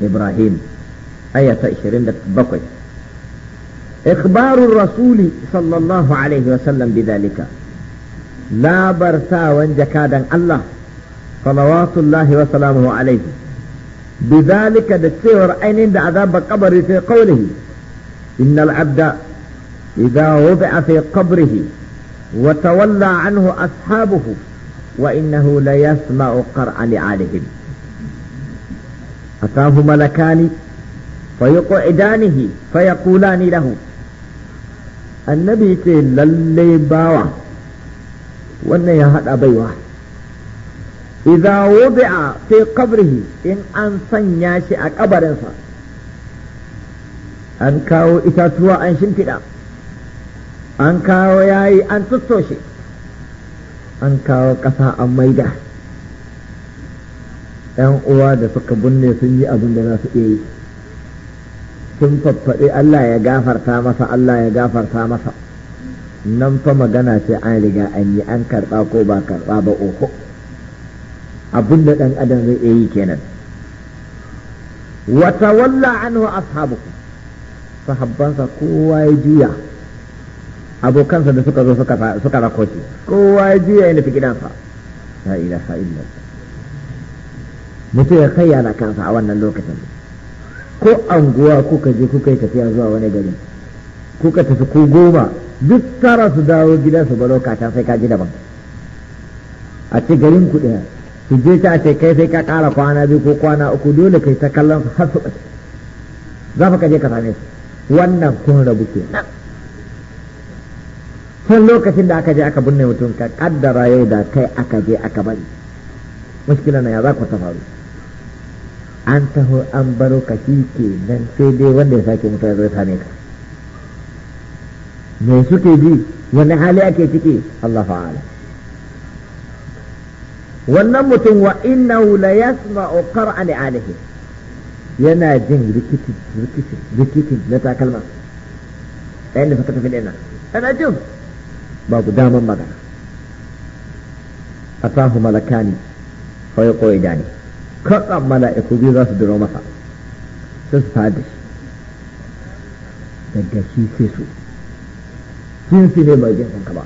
Ibrahim ayata 27 إخبار الرسول صلى الله عليه وسلم بذلك labar sawan jakadan Allah salawatullahi wa salamuhu alaihi bizalika da cewar ainihin da azabar kabari sai qawlihi innal abda idza wudi'a fi qabrihi wa tawalla anhu ashabuhu wa innahu la yasma'u qar'a li'alihim atahu malakani fayuqidanihi fayaqulani lahu annabi ce lalle bawa wannan ya haɗa baiwa idza wudi'a fi qabrihi in an sanya shi a kabarinsa an kawo itatuwa an shimfiɗa an kawo yayi an tussoshe an kawo ƙasa an maida ‘yan uwa da suka binne sun yi abin da za su iya yi sun faffaɗe Allah ya gafarta masa Allah ya gafarta masa nan fa magana sai an riga an yi an karɓa ko ba karɓa ba oho abin da ɗan adam zai iya yi kenan wata walla wa ashabu sahabbansa kowa ya juya abokansa da suka zo suka rako shi kowa ya juya ya nufi gidansa la ilaha illa mutum ya kai yana kansa a wannan lokacin ko anguwa kuka je kuka yi tafiya zuwa wani gari kuka tafi ku goma duk tara su dawo gida su balo ta sai ka ji daban a ce garin ku ɗaya su je ta ce kai sai ka ƙara kwana biyu ko kwana uku dole kai ta kallon su har su ɓace za ka je ka same su wannan kun rabu ke nan sun lokacin da aka je aka binne mutum ka kaddara yau da kai aka je aka bari muskila na ya za ku ta faru an taho an baro ka shi ke nan sai dai wanda ya sake mutu ya zo ya same ka me suke ji wani hali ake ciki Allah fa'ala wannan mutum wa innahu la yasma'u qar'a alihi yana jin rikici rikici rikici na takalma ɗayan da suka tafi ɗina ana jin babu daman magana atahu malakani fa ya koyi dani kaɗan mala'iku biyu za su duro masa sai su fada daga shi sai su sun su ne bai jinsin ka ba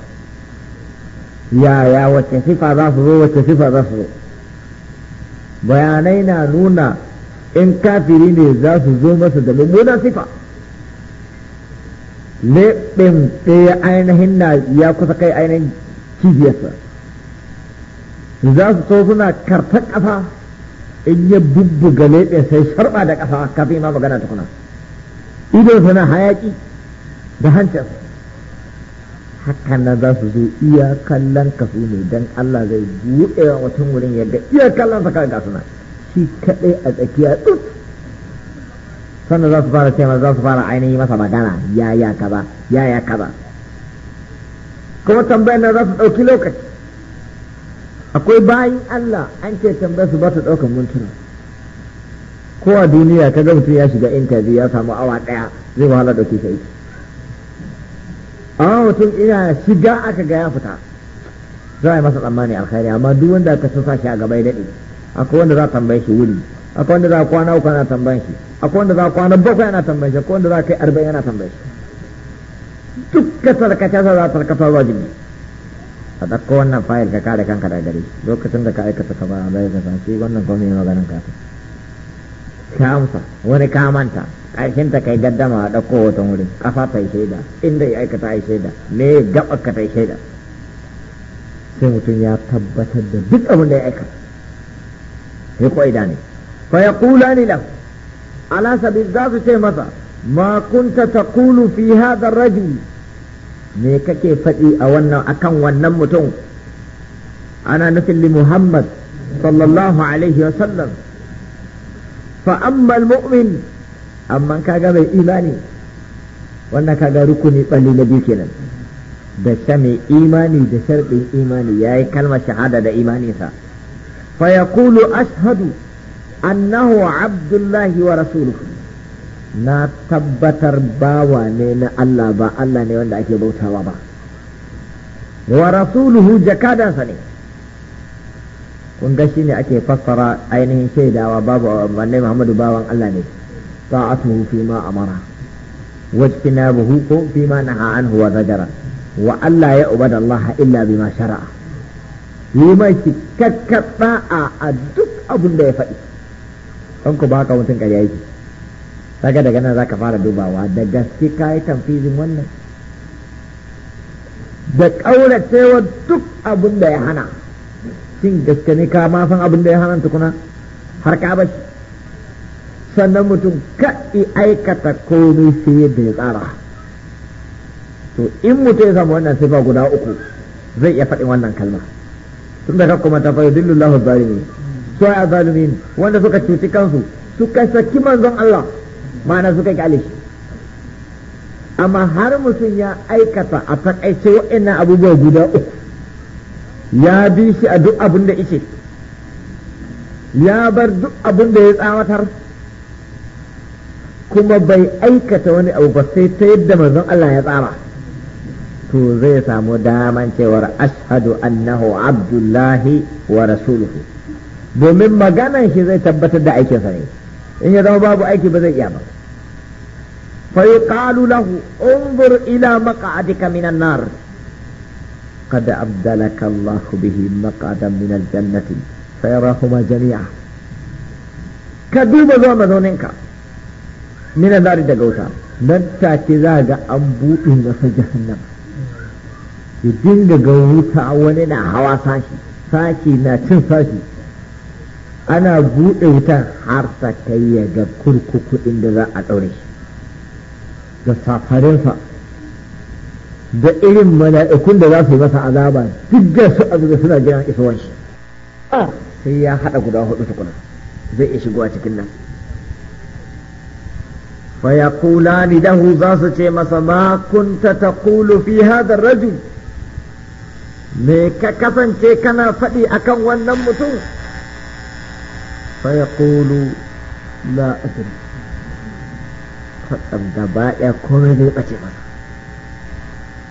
yaya wacce sifa za su zo wacce sifa za su zo bayanai na nuna in kafiri ne za su zo masa da mummuna sifa leɓin ɗaya ainihin na ya kusa kai ainihin cibiyarsa za su so suna karta ƙasa in ya bubbuga leɓe sai sharɓa da ƙasa kafin ma magana tukuna ido suna hayaƙi da hancinsa haka nan za su zo iya kallon ka su ne don Allah zai buɗe wa mutum wurin yadda iya kallon sa kan suna shi kaɗai a tsakiya tsut sannan za su fara cewa za su fara ainihin masa magana ya ya ba ya ya ba kuma tambayar nan za su ɗauki lokaci akwai bayan Allah an ce tambayar su ba su ɗaukar mintuna kowa duniya ka ga mutum ya shiga intabi ya samu awa ɗaya zai wahala ɗauki shi aiki amma mutum ina shiga aka ga ya fita za a yi masa tsammani alkhairi amma duk wanda aka sun sashi a gaba ya daɗe akwai wanda za a tambaye shi wuri akwai wanda za a kwana uku ana tambaye shi akwai wanda za a kwana bakwai ana tambaye shi akwai wanda za a kai arba'in ana tambaye shi duk ka sa za a tarkata wajibi a ɗauko wannan fayil ka kare kanka daga gare lokacin da ka aikata ka ba a bai ka san shi wannan gwamnati maganin ka ta amsa wani ka manta aikin ta kai gaddama a ɗauko wata wurin ƙafa ta yi shaida inda ya aikata yi shaida me gaba ka ta yi shaida sai mutum ya tabbatar da duk abin da ya aika sai ko ida ne fa ya kula ni la ala sabi za su ce masa ma kunta kulu fi hadha rajul me kake faɗi a wannan akan wannan mutum ana nufin li muhammad sallallahu alaihi wa sallam fa amma al-mu'min amma kaga bai imani wannan kaga rukuni balli na biyu kenan da sha mai imani da sharɗin imani ya yi kalmar shahada da imaninsa fa Kulu ashhadu annahu abdullahi wa rasuluhu na tabbatar bawa ne na Allah ba Allah ne wanda ake bautawa ba wa rasuluhu jakadansa ne kun ga shi ne ake fassara ainihin shaidawa babu wannan Muhammadu bawan Allah ne طاعته فيما أمره واجتنابه فيما نهى عنه وزجره وألا يعبد الله إلا بما شرع يما شكك طاعة أدك أبو الله فإيه أنكو باكا وانتنك يأيكي kaga daga nan zaka fara dubawa da gaske kayi tamfizin wannan da ƙauracewa duk abin da ya hana shin gaske ne ka abin da ya hana tukuna har sannan mutum kaɗi aikata komai sai yadda ya tsara to in mutum ya samu wannan sifa guda uku zai iya faɗin wannan kalma tun da ka kuma ta fayo lahu zalimi su a zalimi wanda suka cuci kansu suka saki manzon Allah ma'ana suka kyale shi amma har mutum ya aikata a takaice wa'annan abubuwa guda uku ya bi shi a duk abin da ya bar duk abin da ya tsawatar kuma bai aikata wani abu ba sai ta yadda manzon Allah ya tsara to zai samu daman cewar ashadu annahu abdullahi wa rasuluhu domin maganan shi zai tabbatar da aikinsa ne in ya zama babu aiki ba zai iya ba فيقال له انظر إلى مقعدك من النار قد أبدلك الله به مقعدا من jami'a. Ka duba كذوب ذو ka. minan nari daga wuta nan take za ga an buɗe masa jahannam ya dinga ga wuta wani na hawa sashi sashi na cin sashi ana buɗe wutan har ta ga kurkuku inda za a ɗaure shi da safarinsa da irin mala'ikun da za su yi masa azaba duk su a suna jiran isowar ah. sai ya haɗa guda hudu tukuna zai iya shigowa cikin nan فيقولان له زاس مسا ما كنت تقول في هذا الرجل me ka kasance kana faɗi akan wannan mutum sai kulu la adri faɗan gaba ɗaya komai zai ɓace masa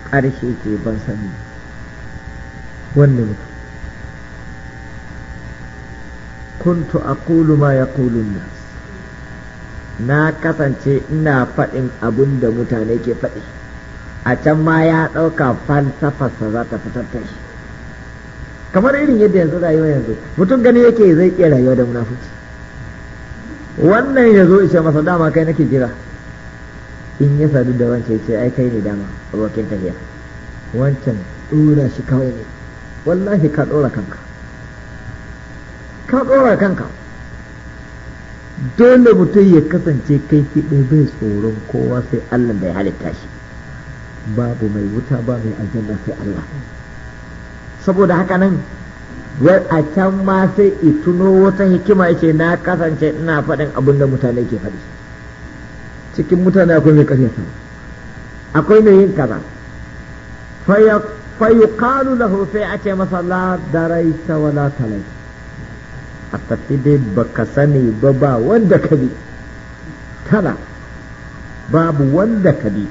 ƙarshe ke ban sani wannan mutum kuntu aqulu ma ya yaqulu nas na kasance ina faɗin abin da mutane ke faɗi a can ma ya ɗauka falsafarsa za ta fitar ta shi kamar irin yadda yanzu rayuwa yanzu mutum gani yake zai iya rayuwa da munafuci wannan ya zo ishe masa dama kai nake jira in ya sadu da wancan ce ai kai ne dama abokin tafiya wancan ɗora shi kawai ne wallahi ka ɗora kanka ka ɗora kanka dole mutum ya kasance kai kiɗe bai tsoron kowa sai Allah da ya halitta shi babu mai wuta ba mai aljanna sai Allah saboda haka nan a can ma sai ituno wata hikima yake na kasance ina faɗin abin da mutane ke faɗi cikin mutane akwai mai ƙaryata akwai mai yin kaza fayuqalu lahu sai a ce masa la ta wala talai. a tafi dai baka sani ba ba wanda ka bi tara babu wanda ka bi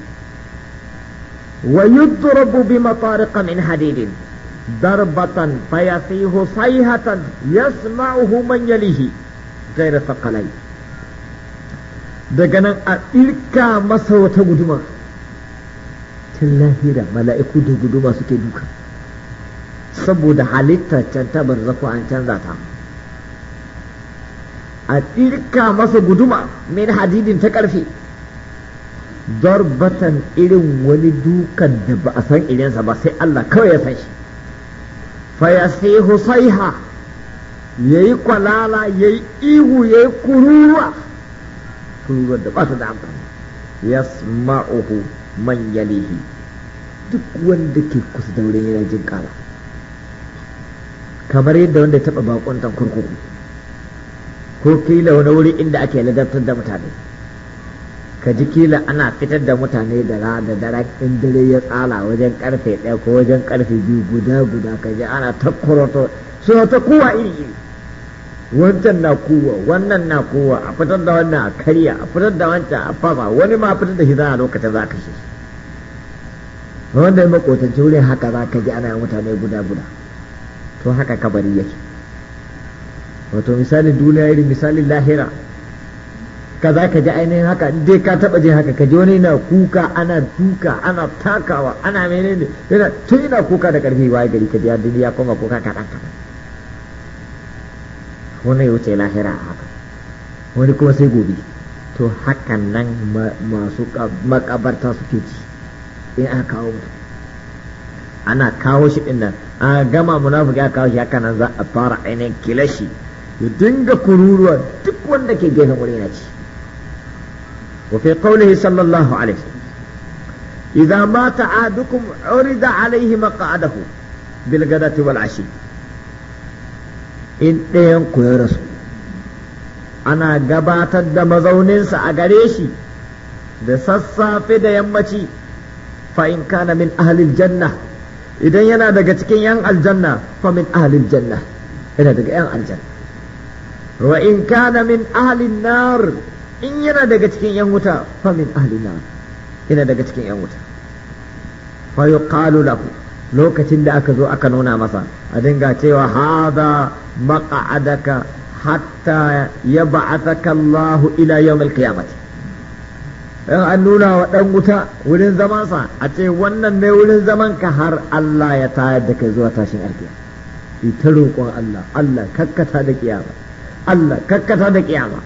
wa yudrabu bi matariqa min hadidin darbatan fayasihu sayhatan yasma'uhu man yalihi ghayra thaqalain daga nan a irka masa wata guduma tun lahira mala'iku da guduma suke duka saboda halitta can ta barzaku an canza ta a tsirka masa guduma min hadidin ta ƙarfe darbatan irin wani dukan da ba a san irinsa ba sai Allah kawai ya san shi fayasai husaiha ya yi kwalala ya yi ihu ya yi kururuwa kururuwa da ba ta da amfani ya sma'uhu man yalihi duk wanda ke kusa da wurin yana jin kara kamar yadda wanda ya taɓa bakontan kurkuku ko kila wani wuri inda ake ladabtar da mutane ka ji kila ana fitar da mutane da ra da dare in dare ya tsala wajen karfe ɗaya ko wajen karfe biyu guda guda ka ji ana ta kuroto suna ta kowa iri iri wancan na kowa wannan na kowa a fitar da wannan a karya a fitar da wancan a fafa wani ma fitar da shi za a lokacin za ka shi wanda ya makotanci wurin haka za ka ji ana mutane guda guda to haka kabari yake wato misali duniya irin misali lahira ka za ka ji ainihin haka dai ka taba jin haka ka ji wani na kuka ana duka ana takawa ana menene yana tun yana kuka da karfi waye gari ka biya duniya kuma kuka ɗan kaɗan wani ya wuce lahira a haka wani kuma sai gobe to hakan nan masu makabarta suke ci in aka kawo mutum ana kawo shi ɗin nan a gama munafuki aka kawo shi haka nan za a fara ainihin kilashi ya dinga kururuwa duk wanda ke gefen wuri na ci wa fi qawlihi sallallahu alaihi idza mata adukum urida alaihi maq'adahu bil gadati wal ashi in ɗayan ku ya rasu ana gabatar da mazauninsa a gare shi da sassafe da yammaci fa in kana min ahlil janna idan yana daga cikin yan aljanna fa min ahlil janna yana daga yan aljanna wa in kana min ahlin nar in yana daga cikin yan wuta fa min ahlin nar yana daga cikin yan wuta fa yuqalu lahu lokacin da aka zo aka nuna masa a dinga cewa hada maq'adaka hatta yab'athaka Allah ila yawm al-qiyamah in an nuna wa dan wuta wurin zamansa a ce wannan ne wurin zaman ka har Allah ya tayar da kai zuwa tashin alkiyama ita roƙon Allah Allah kakkata da kiyama Allah kakkata da kiyama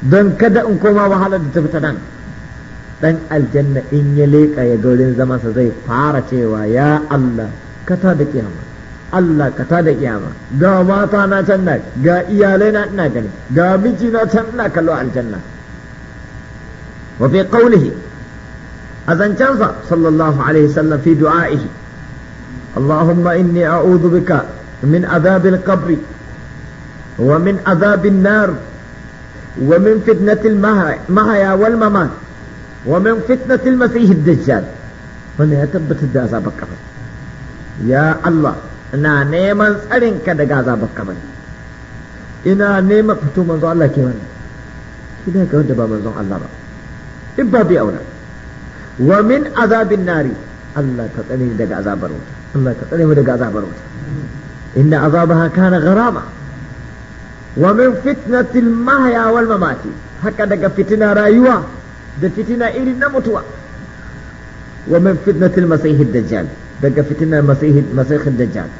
don kada in koma wahalar da ta fita nan dan aljanna in ya leƙa ya gaurin zamansa zai fara cewa ya Allah kata da kiyama Allah kata da kiyama ga mata na can na ga iyalai na ina gani ga miji na can na kallo aljanna wa fi qawlihi azancansa sallallahu alaihi sallam fi du'a'ihi اللهم إني أعوذ بك من عذاب القبر ومن عذاب النار ومن فتنة المهايا والممات ومن فتنة المسيح الدجال من يتبت الدعزة بكبر يا الله انا نيما سألين كده غازة بكبر انا نيما فتو منظر الله كمان كده كده بمنظر الله بقى إبا بي أولا ومن عذاب النار الله تطلين دقى عذاب الله تطلين دقى عذاب إن عذابها كان غرامة wa min fitnatil mahya wal mamati haka daga fitina rayuwa da fitina irin na mutuwa wa min fitnatil masihid dajjal daga fitinar masihid masihid dajjal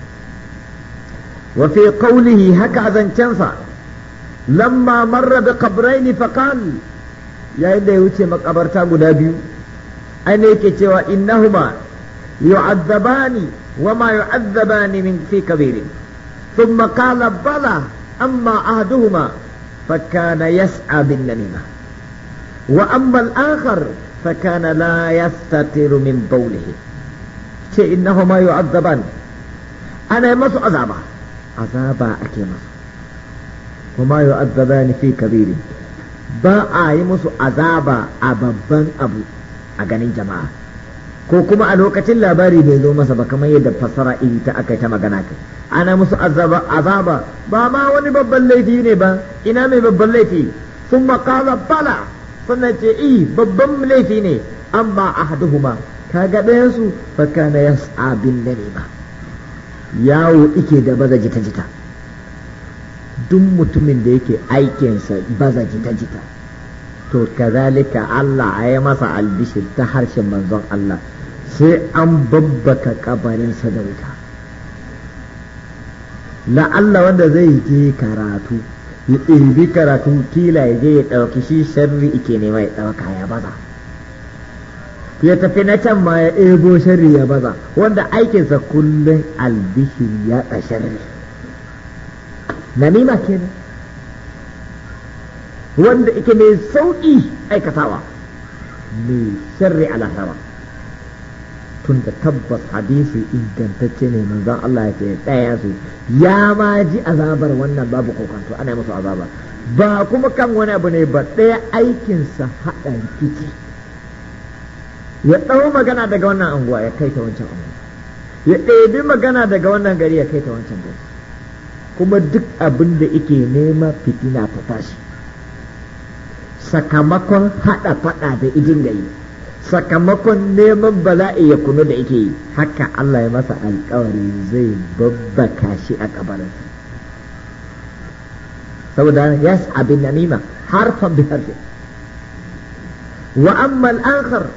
wa fi qawlihi haka zancensa lamma marra bi qabrayn fa qala da ya wuce makabarta guda biyu an yake cewa innahuma yu'adzabani wa ma yu'adzabani min fi bala أما أحدهما فكان يسعى بالنميمة وأما الآخر فكان لا يستتر من بوله ce innahuma yu'azzaban ana yi masu azaba azaba ake masu kuma yu'azzabani fi kabiri ba a yi musu azaba a babban abu a ganin jama'a ko kuma a lokacin labari bai zo masa ba kamar yadda fassara iri ta aka ta magana kai ana musu azaba azaba ba ma wani babban laifi ne ba ina mai babban laifi sun makala bala sannan ce i babban laifi ne amma ahaduhuma kaga ɗayan na fa abin da ne ba yawo ike da baza jita jita duk mutumin da yake aikinsa baza jita jita to kazalika Allah a yi masa albishir ta harshen manzon Allah sai an babbaka kabarinsa da wuta la'alla wanda zai je karatu ya ibi karatu kila ya je ya ɗauki shi sharri ike nema ya ɗauka ya baza ya tafi na can ma ya ebo sharri ya baza wanda aikinsa kullum albishir ya sharri namima kenan wanda ike mai sauƙi aikatawa mai sharri ala sama tunda tabbas hadisi ingantacce ne manzon Allah ya ce ɗaya su ya ma ji azabar wannan babu kokanto ana musu azaba ba kuma kan wani abu ne ba ɗaya aikinsa haɗa rikici ya ɗau magana daga wannan anguwa ya kai ta wancan anguwa ya ɗebi magana daga wannan gari ya kai ta wancan gari kuma duk abin da ike nema fitina ta tashi sakamakon haɗa faɗa da idin gari sakamakon neman bala'i ya kunu da yake yi haka Allah ya masa alkawari zai babbaka shi a kabarinsa saboda ya abin namima harfan bi harfi wa amma al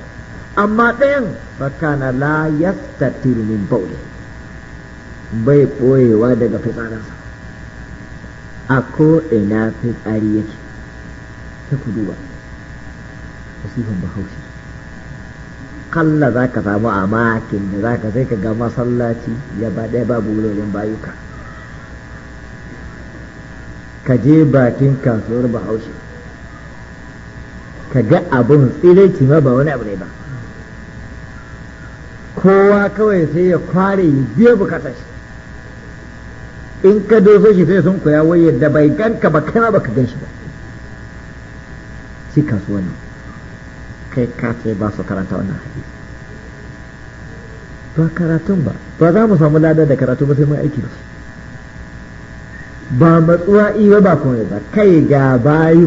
amma ɗayan fakana la yastatir min bauli bai ɓoyewa daga fitsarinsa a ko ina fitsari yake ta ku duba bahaushe akalla za ka samu a makin da za ka sai ka ga masallaci ya ba ɗaya babu wurin bayuka ka je bakin kasuwar bahaushe ka ga abin tsiraici ma ba wani abu ne ba kowa kawai sai ya kware ya biya bukata shi in ka doso shi sai sun koya wai da bai ganka ba kai ma baka gan shi ba shi kasuwanni kai ka ce ba su karanta wannan hadisi ba karatun ba ba za mu samu ladar da karatu ba sai mun aiki ba ba matsuwa iya ba ba kai ga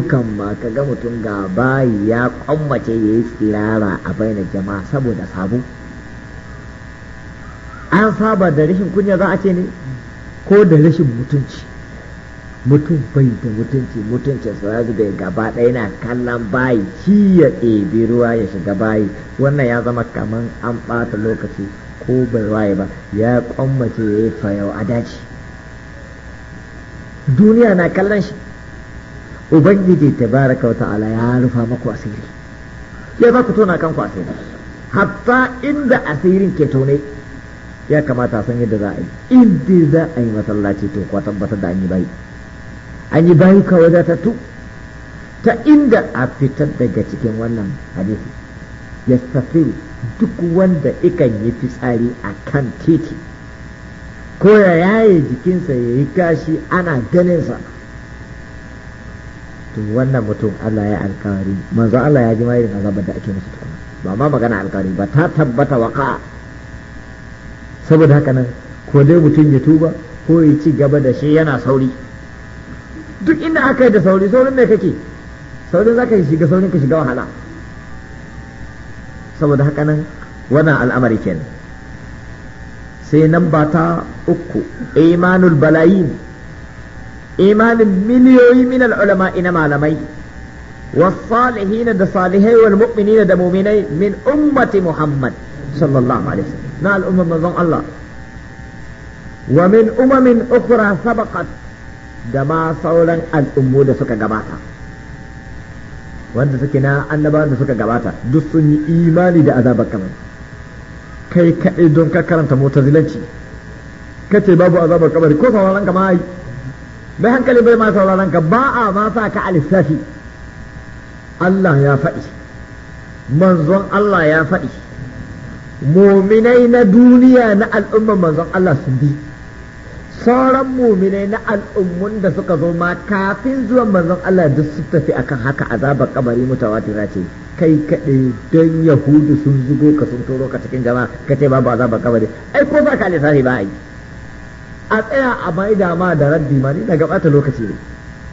kan ma ka ga mutum ga bayi ya kwammace ya yi tsirara a baina jama'a saboda sabu an saba da rashin kunya za a ce ne ko da rashin mutunci mutum bai da mutunci mutuncin ya zube gaba ɗaya na kallon bayi shi ya ɗebi ruwa ya shiga bayi wannan ya zama kaman an ɓata lokaci ko bai waye ba ya kwammace ya yi fayau a daji duniya na kallon shi ubangiji ta baraka wata ala ya rufa maku asiri ya za ku tona kanku asiri hatta inda asirin ke tone ya kamata san yadda za a yi inda za a yi masallaci to kwa tabbatar da an yi bayi. an yi bayuka wadatattu ta inda a fitar daga cikin wannan hadisi ya tafi duk wanda ikan yi fitsari a kan titi ko ya yaye jikinsa ya yi kashi ana ganinsa to wannan mutum Allah ya alkawari manzo Allah ya ji ma irin azabar da ake musu tukuna ba ma magana alkawari ba ta tabbata waka saboda haka nan ko dai mutum ya tuba ko ya ci gaba da shi yana sauri duk inda aka yi da sauri saurin me kake saurin za ka yi shiga saurin ka shiga wahala saboda haka nan wannan al'amari kenan sai nan ba ta uku imanul balayin imanin miliyoyi min al'ulama ina malamai والصالحين da salihai wal mu'minina da mu'minai min ummati Muhammad sallallahu alaihi wasallam na al'umma manzon Allah wa min umamin ukhra sabaqat da ma sauran al'ummu da suka gabata wanda suke na annabawan da suka gabata duk sun yi imani da azabar kabari kai kaɗai don ka karanta zilanci, ka ce babu azabar kabari ko sauraron ka ma yi mai hankali bai ma sauraron ka ba a ma sa ka alisafi Allah ya faɗi manzon Allah ya faɗi mominai na duniya na al'ummar manzon Allah sun bi sauran muminai na al'ummun da suka zo ma kafin zuwan manzon Allah duk su tafi akan haka azabar kabari mutawatira ce kai kaɗai don yahudu sun zugo ka sun turo ka cikin jama'a ka ce babu azabar kabari ai ko ba ka lissafi ba ai a tsaya a da ma da raddi ma ni na gabata lokaci ne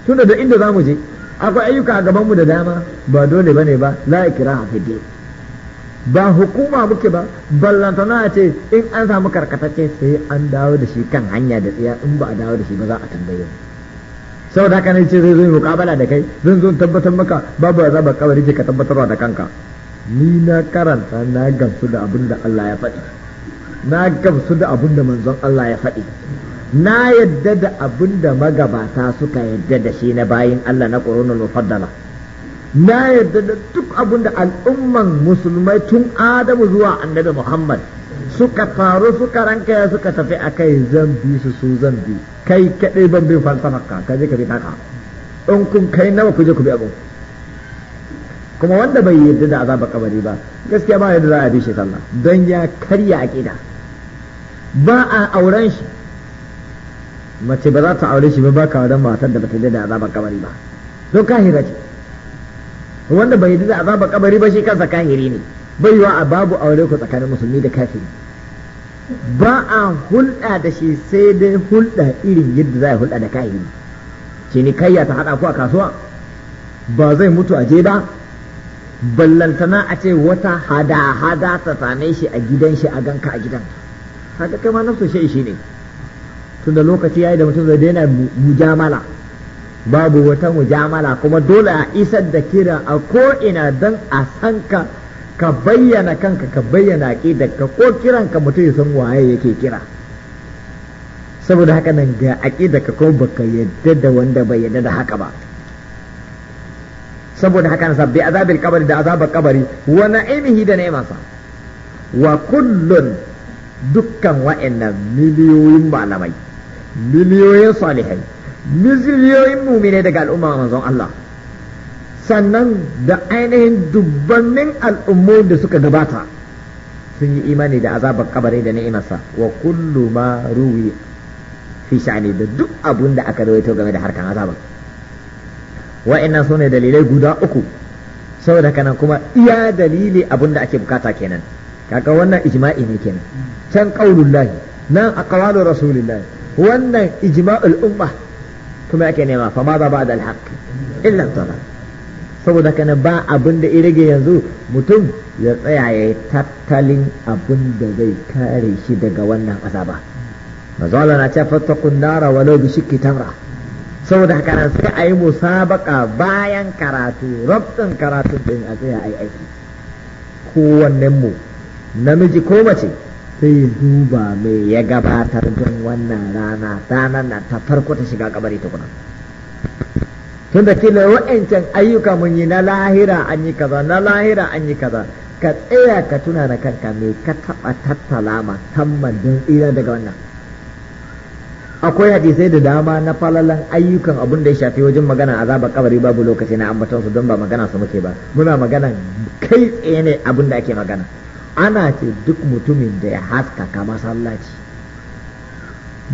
tunda da inda za mu je akwai ayyuka a mu da dama ba dole bane ba la ikraha fi din ba hukuma muke ba ballantana a ce in an samu karkatacce sai an dawo da shi kan hanya da tsaya in ba a dawo da shi ba za a tambaye mu saboda haka ne ce zai zo mukabala da kai zan zo tabbatar maka babu za ba kawai ce ka tabbatarwa da kanka ni na karanta na gamsu da abin da Allah ya faɗi na gamsu da abin da manzon Allah ya faɗi na yadda da abin da magabata suka yadda da shi na bayin Allah na ƙorona mufaddala na yarda da duk abin da al'umman musulmai tun adamu zuwa annabi muhammad suka faru suka rankaya suka tafi a kai zan bi su su zan bi kai kaɗai ban bin falsafar ka kaje ka bi taka in kun kai nawa ku je ku bi abin kuma wanda bai yarda da azabar kabari ba gaskiya ba yadda za a bi shi sallah don ya karya akida ba a auren shi mace ba za ta aure shi ba ba ka wadan matar da ba yarda da azabar kabari ba don hira ce wanda bai yi da azaba kabari ba shi kansa kahiri ne bai yiwa a babu aure ku tsakanin musulmi da kafiri ba a hulɗa da shi sai dai hulɗa irin yadda za a hulɗa da kahiri shi ne kayya ta haɗa ku a kasuwa ba zai mutu a je jeda ballantana a ce wata hada-hada ta same shi a gidan shi a ganka a gidan haka kai ma nafsu shi ne tunda lokaci yayi da mutum zai daina mujamala babu wata mujamala kuma dole a isar da kiran a ko'ina don a san ka ka bayyana kanka ka bayyana ka, ko kiran ka mutum ya san waye yake kira saboda haka nan ga ka ko baka yadda da wanda bai yadda da haka ba saboda haka na sabbi azabil kabari da azabar kabari wa na'imihi da ne'imansa wa kullun dukkan wa'annan miliyoyin malamai miliyoyin salihai miziliyoyin mumine daga al'umma manzon Allah sannan da ainihin dubbannin al'ummomin da suka gabata sun yi imani da azabar kabari da ni'imarsa wa kullu ma ruwi fi sha'ani da duk abun da aka rawaito game da harkan azabar wa'annan su ne dalilai guda uku saboda kana kuma iya dalili abun da ake bukata kenan kaga wannan ijma'i ne kenan can qaulullahi nan aqwalu rasulillahi wannan ijma'ul ummah kuma yake nema fa ma za ba da alhaq illa dhalal saboda kana ba abin da irage yanzu mutum ya tsaya ya tattalin abin da zai kare shi daga wannan azaba manzo na ce fattaqun nara walau bi shikki tamra saboda haka nan sai ayi musabaka bayan karatu rabtin karatu din a tsaya yi aiki kowannen mu namiji ko mace sai duba mai ya gabatar don wannan rana rana na ta farko ta shiga kabari ta kuna tun da kila wa'ancan ayyuka mun yi na lahira an yi kaza na lahira an yi kaza ka tsaya ka tuna da kanka mai ka taɓa tattala musamman don tsira daga wannan akwai hadisai da dama na falalan ayyukan abin da ya shafi wajen magana azabar kabari babu lokaci na ambatonsu su don ba magana su muke ba muna magana kai tsaye ne abin da ake magana ana ce duk mutumin da ya haskaka masallaci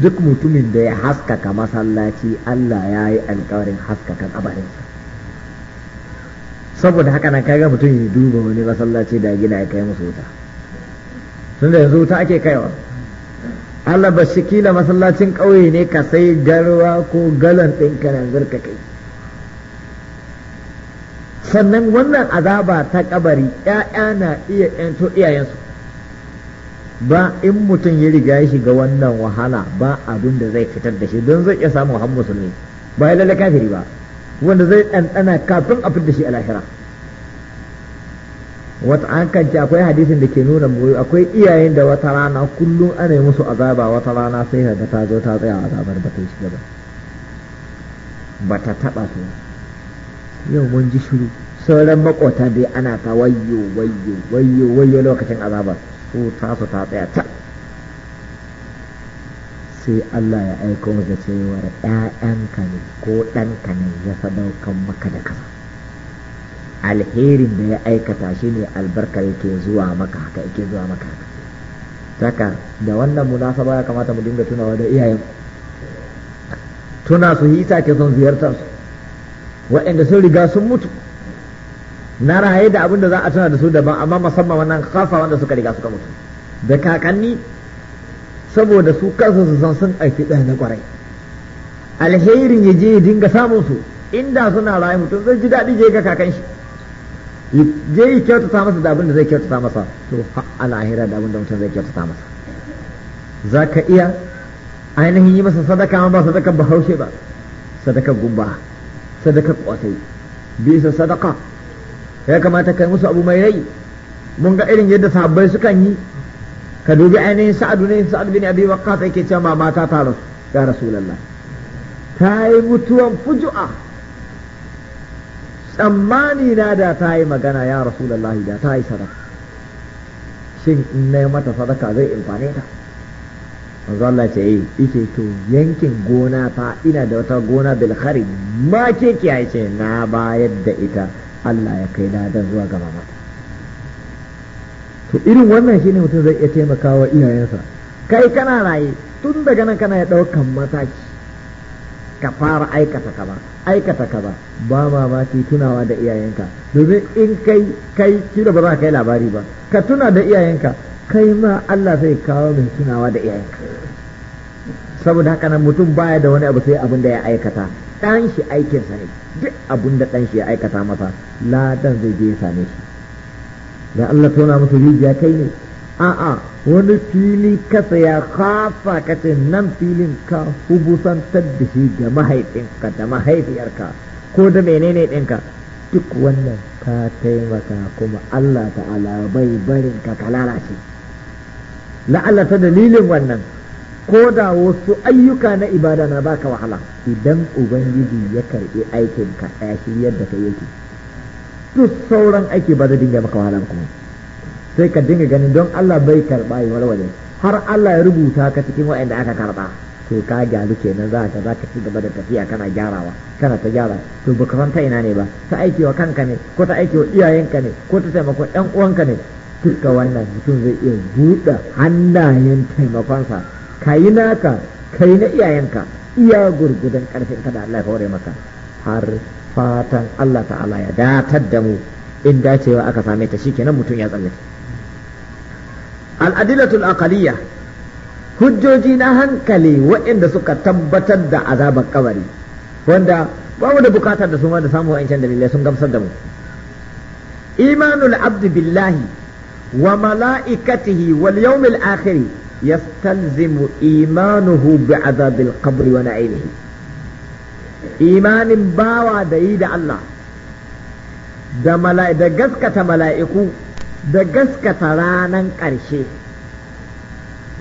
duk mutumin da ya haskaka masallaci Allah ya yi alkawarin haskakan abarinsa saboda haka nan kaga mutum ya duba wani masallaci da gina ya kai musu wuta tun da yanzu wuta ake kaiwa Allah ba shi kila masallacin ƙauye ne ka sai garwa ko galan ɗin kanan zurka kai sannan wannan azaba ta kabari ‘ya'ya na iya ‘yanto iyayensu ba in mutum ya riga ya shiga wannan wahala ba abin da zai fitar da shi don zai iya samun han musulmi ba ya lalle kafiri ba wanda zai ɗanɗana kafin a fitar da shi a lahira wata an kanci akwai hadisin da ke nuna mu akwai iyayen da wata rana kullum ana yi musu azaba wata rana sai ta zo ta tsaya azabar ba ta yi shiga ba ba ta taɓa su yau mun ji shiru sauran makota dai ana ta wayyo wayyo wayyo wayyo lokacin azaba su tasu ta tsaya ta sai Allah ya aiko da cewar ‘ya'yanka ne ko ɗanka ne ya sadaukan maka da kasa alherin da ya aikata shi ne albarkar yake zuwa maka haka yake zuwa maka haka da wannan munasaba ya kamata mu dinga tunawa da iyayen tuna su hisa ke son ziyartar waɗanda sun riga sun mutu na raye da abin da za a tuna da su daban amma musamman wannan kafa wanda suka riga suka mutu da kakanni saboda su kansu su san sun aiki ɗaya na ƙwarai alherin ya je ya dinga samun su inda suna raye mutum zai ji daɗi je ga kakan shi je yi kyautata masa da abin da zai kyautata masa to a lahira da abin da mutum zai kyautata masa za ka iya ainihin yi masa sadaka ma ba sadakar bahaushe ba sadakar gumba sadakar kwasai bisa sadaka ya kamata kai musu abu mai rai mun ga irin yadda sahabbai sukan yi ka dubi ainihin sa'adu ne sa'adu bin abi waqqas yake cewa mata ta rasu ya rasulullah ta yi mutuwan fuju'a tsammani na da ta yi magana ya rasulullah da ta yi sadaka shin in na mata sadaka zai imfane ta manzo Allah ce eh, yi to yankin gona fa ina da wata gona bilhari make ma ke ce na bayar da ita Allah ya kai ladan zuwa gaba ba. to irin wannan shi ne mutum zai iya taimakawa iyayensa kai kana raye tun daga nan kana ya daukan mataki ka fara aikata kaba aikata kaba ba mamaki tunawa da iyayenka domin in kai kai da ba za ka kai labari ba ka tuna da iyayenka kai ma Allah zai kawo mai tunawa da iyayenka saboda haka nan mutum baya da wani abu sai abin da ya aikata dan shi aikinsa ne duk abin da dan shi ya aikata masa ladan zai je same shi da Allah tona musu rijiya kai ne a'a wani fili kasa ya kafa kace nan filin ka hubusantar da shi ga mahaifinka da mahaifiyarka ko da menene ɗinka duk wannan ka taimaka kuma Allah ta'ala bai barin ka ka lalace la'alla ta dalilin wannan ko da wasu ayyuka na ibada na baka wahala idan ubangiji ya karbi aikin ka ya shiryar da kai yake duk sauran aiki ba zai dinga maka wahala kuma sai ka dinga ganin don Allah bai karba yi warware har Allah ya rubuta ka cikin waɗanda aka karba to ka gyaru kenan za ka za ka ci gaba da tafiya kana gyarawa kana ta gyara to baka san ta ina ne ba ta aiki wa kanka ne ko ta aiki wa iyayenka ne ko ta taimakon ɗan uwanka ne duka wannan mutum zai iya buɗe hannayen taimakonsa ka yi naka ka yi na iyayenka iya gurgudan karfin ka da Allah ya ware maka har fatan Allah ta'ala ya datar da mu in dacewa aka same ta kenan mutum ya tsallake al'adilatul aqaliyya hujjoji na hankali waɗanda suka tabbatar da azabar kabari wanda ba mu da bukatar da su ma da samu wa'ancan dalilai sun gamsar da mu imanul abdu billahi wa mala'ikatihi wal yawmil akhiri يستلزم imanuhu بعذاب القبر ونعيمه إيمان باوى Imanin bawa da da Allah, gaskata mala'iku da gaskata ranan ƙarshe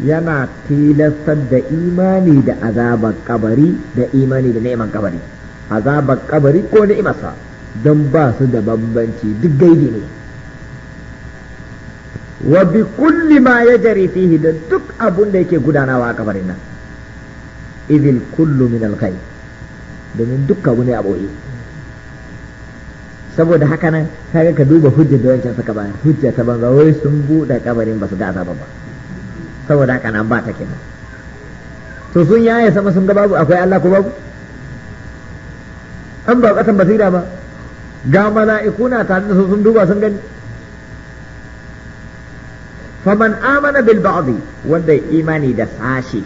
yana tilastar da imani da azabar kabari da imani da neman kabari azabar kabari ko ni'imarsa don ba su da bambanci duk gaibi ne wa bi kulli ma yajri fihi da duk abun da yake gudanawa a kabarin nan idil kullu min al domin duk wani a boye saboda haka nan kaga ka duba hujjar da wancan saka bayar hujja ta banza wai sun buɗe kabarin ba su ga azaba ba saboda haka nan ba ta kenan to sun yaya sama sun ga babu akwai Allah ko babu an ba kasan basira ba ga mala'iku na tare da su sun duba sun gani faman amana bil ba'dhi wanda imani da sashi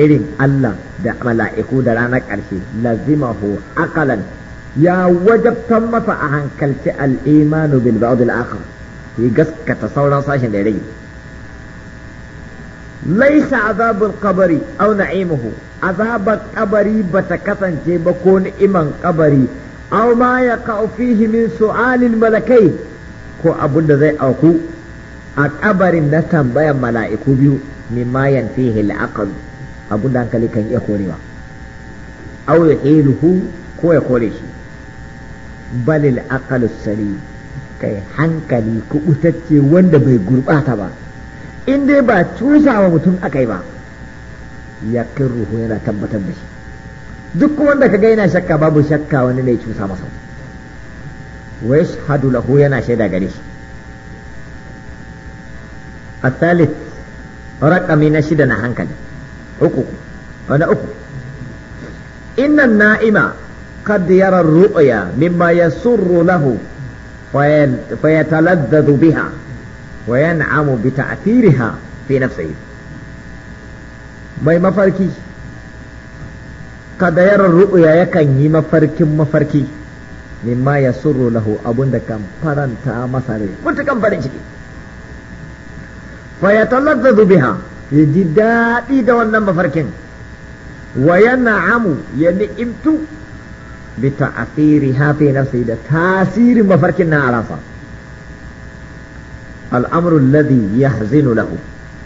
irin Allah da mala'iku da ranar ƙarshe lazimahu akalan ya wajabtan masa a hankalci al'imanu bil ba'd al akhar yi gaskata sauran sashen da ya rage kabari azabul qabri aw na'imuhu azabar qabari bata kasance ba ko ni'iman qabari aw ma yaqa'u fihi min su'alil malakai ko abun da zai auku a kabarin na tambayan mala'iku biyu min mayan al-aql abun da hankali kan iya korewa aw ruhu ko ya kore shi balil aqal sari kai hankali kubutacce wanda bai gurbata ba in dai ba cusawa mutum akai ba ya ruhu yana tabbatar da shi duk wanda kaga yana shakka babu shakka wani ne cusa masa wa yashhadu lahu yana shaida gare shi الثالث رقم نشد نحنك عقوق أنا عقوق إن النائم قد يرى الرؤيا مما يسر له فيتلذذ بها وينعم بتأثيرها في نفسه mai mafarki kadayarar ru'uya yakan yi mafarkin mafarki mimma ya suru lahu abun da kan faranta masa rai kan farin ciki fa ya talazzazu biha ya ji daɗi da wannan mafarkin wa ya na'amu ya ni'imtu bi ta'asiri hafi nafsi da tasirin mafarkin na arasa al'amru alladhi yahzinu lahu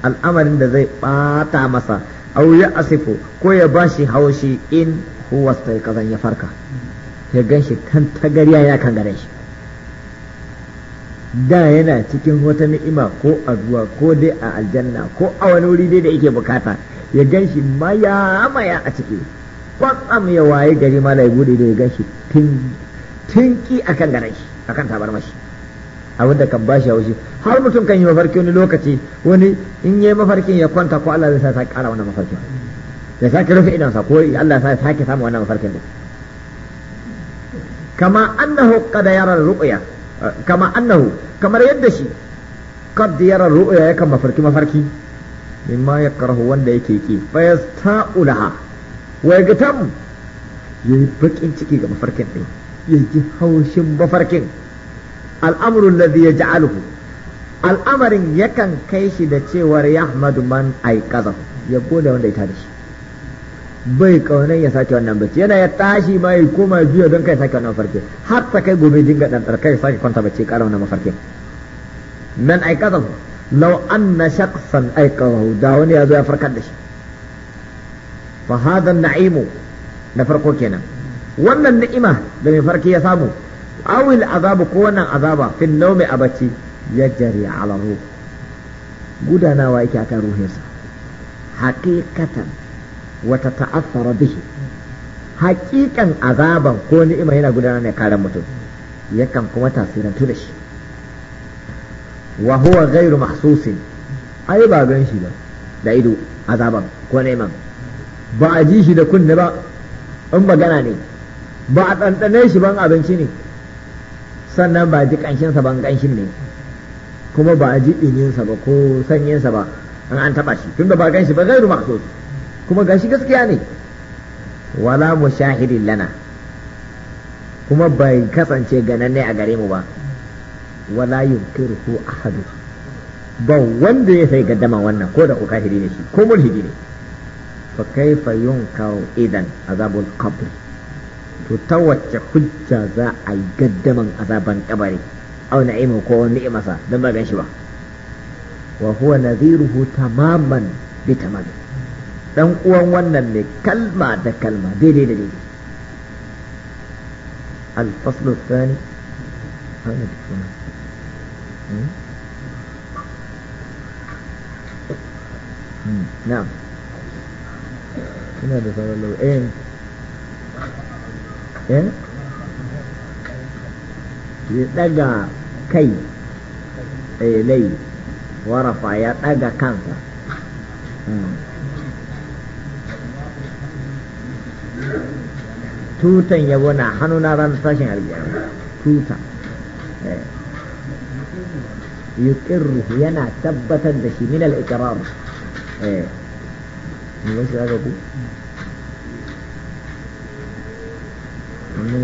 al'amarin da zai bata masa au ya asifu ko ya bashi haushi in huwa sai kazan ya farka ya ganshi kan tagariya ya kan gare shi da yana cikin wata ni'ima ko a ko dai a aljanna ko a wani wuri dai da yake bukata ya gan shi maya maya a ciki kwatsam ya waye gari ma lai bude da ya gan shi tinki akan garan shi akan tabar mashi abin da kan bashi haushi har mutum kan yi mafarki wani lokaci wani in yi mafarkin ya kwanta ko Allah zai sa ya kara wannan mafarkin ya sake rufe idansa ko Allah ya sake samu wannan mafarkin din kama annahu qad yara ar-ru'ya kama annahu kamar yadda shi kad yara ru'ya yakan mafarki mafarki mimma ya wanda yake ki fa yasta'ulaha wa yagtam yayi bakin ciki ga mafarkin din yaji haushin mafarkin al'amru alladhi yaj'aluhu al'amarin yakan kai shi da cewar yahmadu man ay kaza ya gode wanda ya tada shi bai kaunar ya sake wannan bacci yana ya tashi ma ya koma biyo don kai sake wannan farke har ta kai gobe dinga dan kai sake kwanta bacci ƙara wannan mafarkin nan aikata law anna shakhsan aikahu da wani ya zo ya farkar da shi fa hada na'imu na farko kenan wannan ni'ima da mai farki ya samu awil azabu ko wannan azaba fin naumi a bacci ya jari ala ruh gudanawa yake akan ruhinsa Hakikatan. wata ta'assara bihi haƙiƙan azaban ko ni'ima yana gudanar ne karan mutum yakan kuma tasirantu da shi wa huwa ghairu mahsusin ai ba gan shi ba da ido azaban ko neman ba a ji shi da kunne ba in magana ne ba a ɗanɗane shi ban abinci ne sannan ba a ji sa ban ƙanshin ne kuma ba ji ji ɗininsa ba ko sanyinsa ba an taɓa shi tunda ba ganshi ba gairu mahsus kuma gashi gaskiya ne wala mu mushahidin lana kuma bai kasance gananne a gare mu ba wala yunkiru ahadu ba wanda ya sai gaddama wannan ko da ukahiri ne shi ko mulhidi ne fa kaifa yunkau idan azabul qabr to ta wacce hujja za a yi gaddaman azaban kabari aw na'imu ko ni'imasa dan ba gan shi ba wa huwa nadhiruhu tamaman bi tamami dan uwan wannan ne kalma da kalma daidai da daidai الفصل الثاني هذا نعم هنا بفعل لو ايه ايه يدقى كي إليه ورفع يدقى كنفه tutan yabo na hannu na ranar tashin alƙiyama tuta yuqirru yana tabbatar da shi minal ikirar iqrar eh mun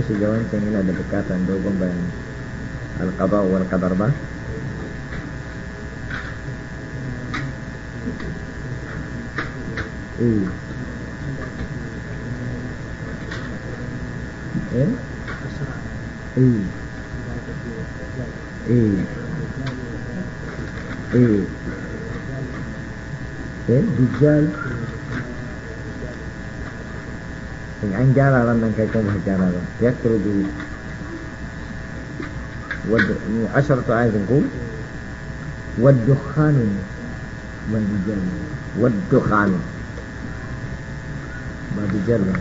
shi wancan yana da bukatan dogon bayan al-qada wal qadar ba eh dujjal in an gyara ran nan kai kan ba gyara ba ya turdu wadda asharatu ayatin ko wadda khanun ban dujjal wadda khanun ba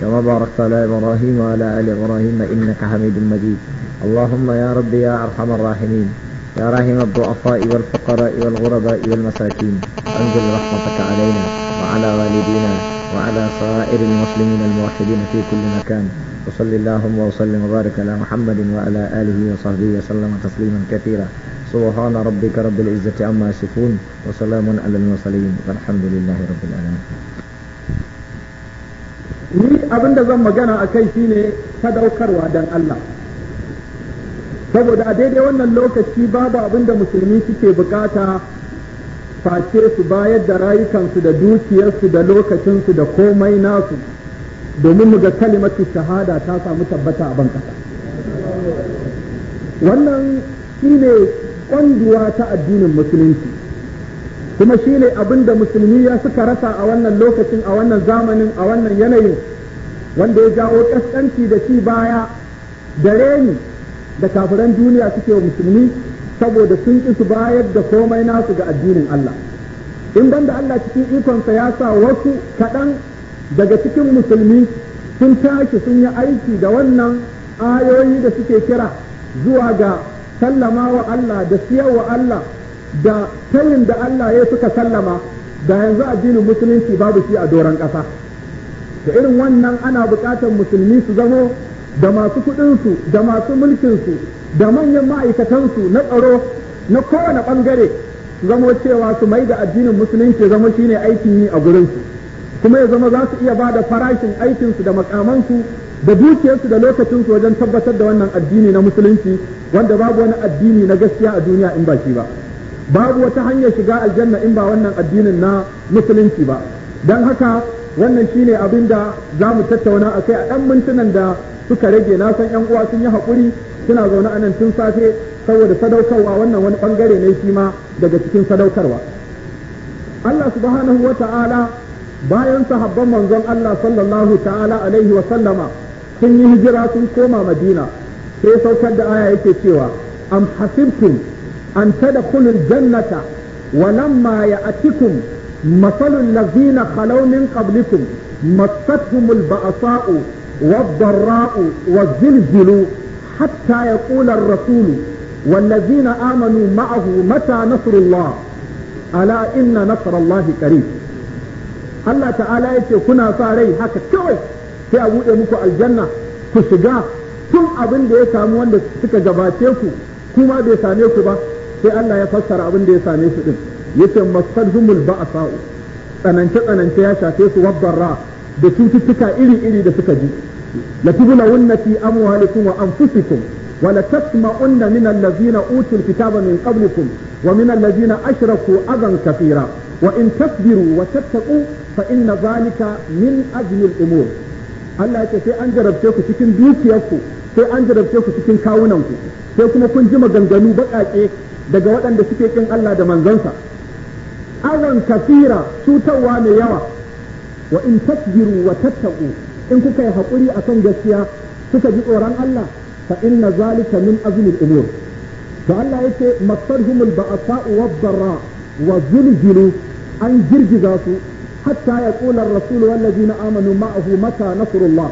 كما باركت على إبراهيم وعلى آل إبراهيم إنك حميد مجيد اللهم يا رب يا أرحم الراحمين يا راحم الضعفاء والفقراء والغرباء والمساكين أنزل رحمتك علينا وعلى والدينا وعلى سائر المسلمين الموحدين في كل مكان وصل اللهم وسلم وبارك على محمد وعلى آله وصحبه وسلم تسليما كثيرا سبحان ربك رب العزة عما يصفون وسلام على المرسلين والحمد لله رب العالمين ni abin da zan magana a kai shine sadaukarwa don Allah saboda a daidai wannan lokaci babu abin da musulmi suke bukata face su bayar da rayukansu da dukiyarsu da lokacinsu da komai nasu domin mu ga kalimatu shahada ta samu tabbata a bankasa wannan shine kwanduwa ta addinin musulunci kuma shi ne abin da musulmi ya suka rasa a wannan lokacin a wannan zamanin a wannan yanayin wanda ya jawo kaskanci da ci baya da reni da kafiran duniya suke wa musulmi saboda sun ƙi su bayar da komai nasu ga addinin Allah in banda Allah cikin ikonsa ya sa wasu kaɗan daga cikin musulmi sun tashi sun yi aiki da wannan ayoyi da suke kira zuwa ga sallama wa Allah da siyar wa Allah da tayin da Allah ya suka sallama da yanzu addinin musulunci babu shi a doron ƙasa da irin wannan ana buƙatar musulmi su zamo da masu kuɗinsu da masu mulkinsu da manyan ma'aikatansu na tsaro na kowane ɓangare su zamo cewa su mai da addinin musulunci zama ne aikin yi a gurinsu kuma ya zama za su iya ba da farashin aikinsu da makamansu da dukiyarsu da lokacinsu wajen tabbatar da wannan addini na musulunci wanda babu wani addini na gaskiya a duniya in ba shi ba. babu wata hanyar shiga aljanna in ba wannan addinin na musulunci ba don haka wannan shine abin da za mu tattauna a kai a ɗan mintunan da suka rage na san yan uwa sun yi haƙuri suna zaune a nan tun safe saboda sadaukarwa wannan wani ɓangare ne shi ma daga cikin sadaukarwa Allah subhanahu wa ta'ala bayan sahabban manzon Allah sallallahu ta'ala alaihi wa sallama sun yi hijira sun koma Madina sai saukar da aya yake cewa am hasibtum أن تدخلوا الجنة ولما يأتكم مثل الذين خلوا من قبلكم مستهم البأساء والضراء والزلزلوا حتى يقول الرسول والذين آمنوا معه متى نصر الله ألا إن نصر الله قريب Allah ta'ala ya ce kuna sa rai haka kawai sai a buɗe muku aljanna ku shiga tun abin da ya samu wanda suka gabace ku kuma bai same ku ba sai Allah ya fassara abin da ya same su din yace zumul ba'sa'u tsanance tsanance ya shafe su wabbarra da cututtuka iri iri da suka ji la tublawunna amwalikum wa anfusikum wa la tasma'unna min allazina utul kitaba min qablikum wa min allazina ashraku adan kathira wa in tasbiru wa tattaqu fa inna zalika min ajli al-umur Allah yake sai an jarabce ku cikin dukiyarku sai an jarabce ku cikin kawunanku sai kuma kun ji maganganu baƙaƙe daga waɗanda suke kin Allah da manzansa azan kasira cutarwa mai yawa wa in tasbiru wa tattaqu in kuka yi hakuri akan gaskiya kuka ji tsoron Allah fa inna zalika min azmil umur to Allah yace masadhumul ba'sa'u wad-dharra wa zulzilu an girgiza su hatta yaqula ar-rasulu wal ladina amanu ma'ahu mata nasrullah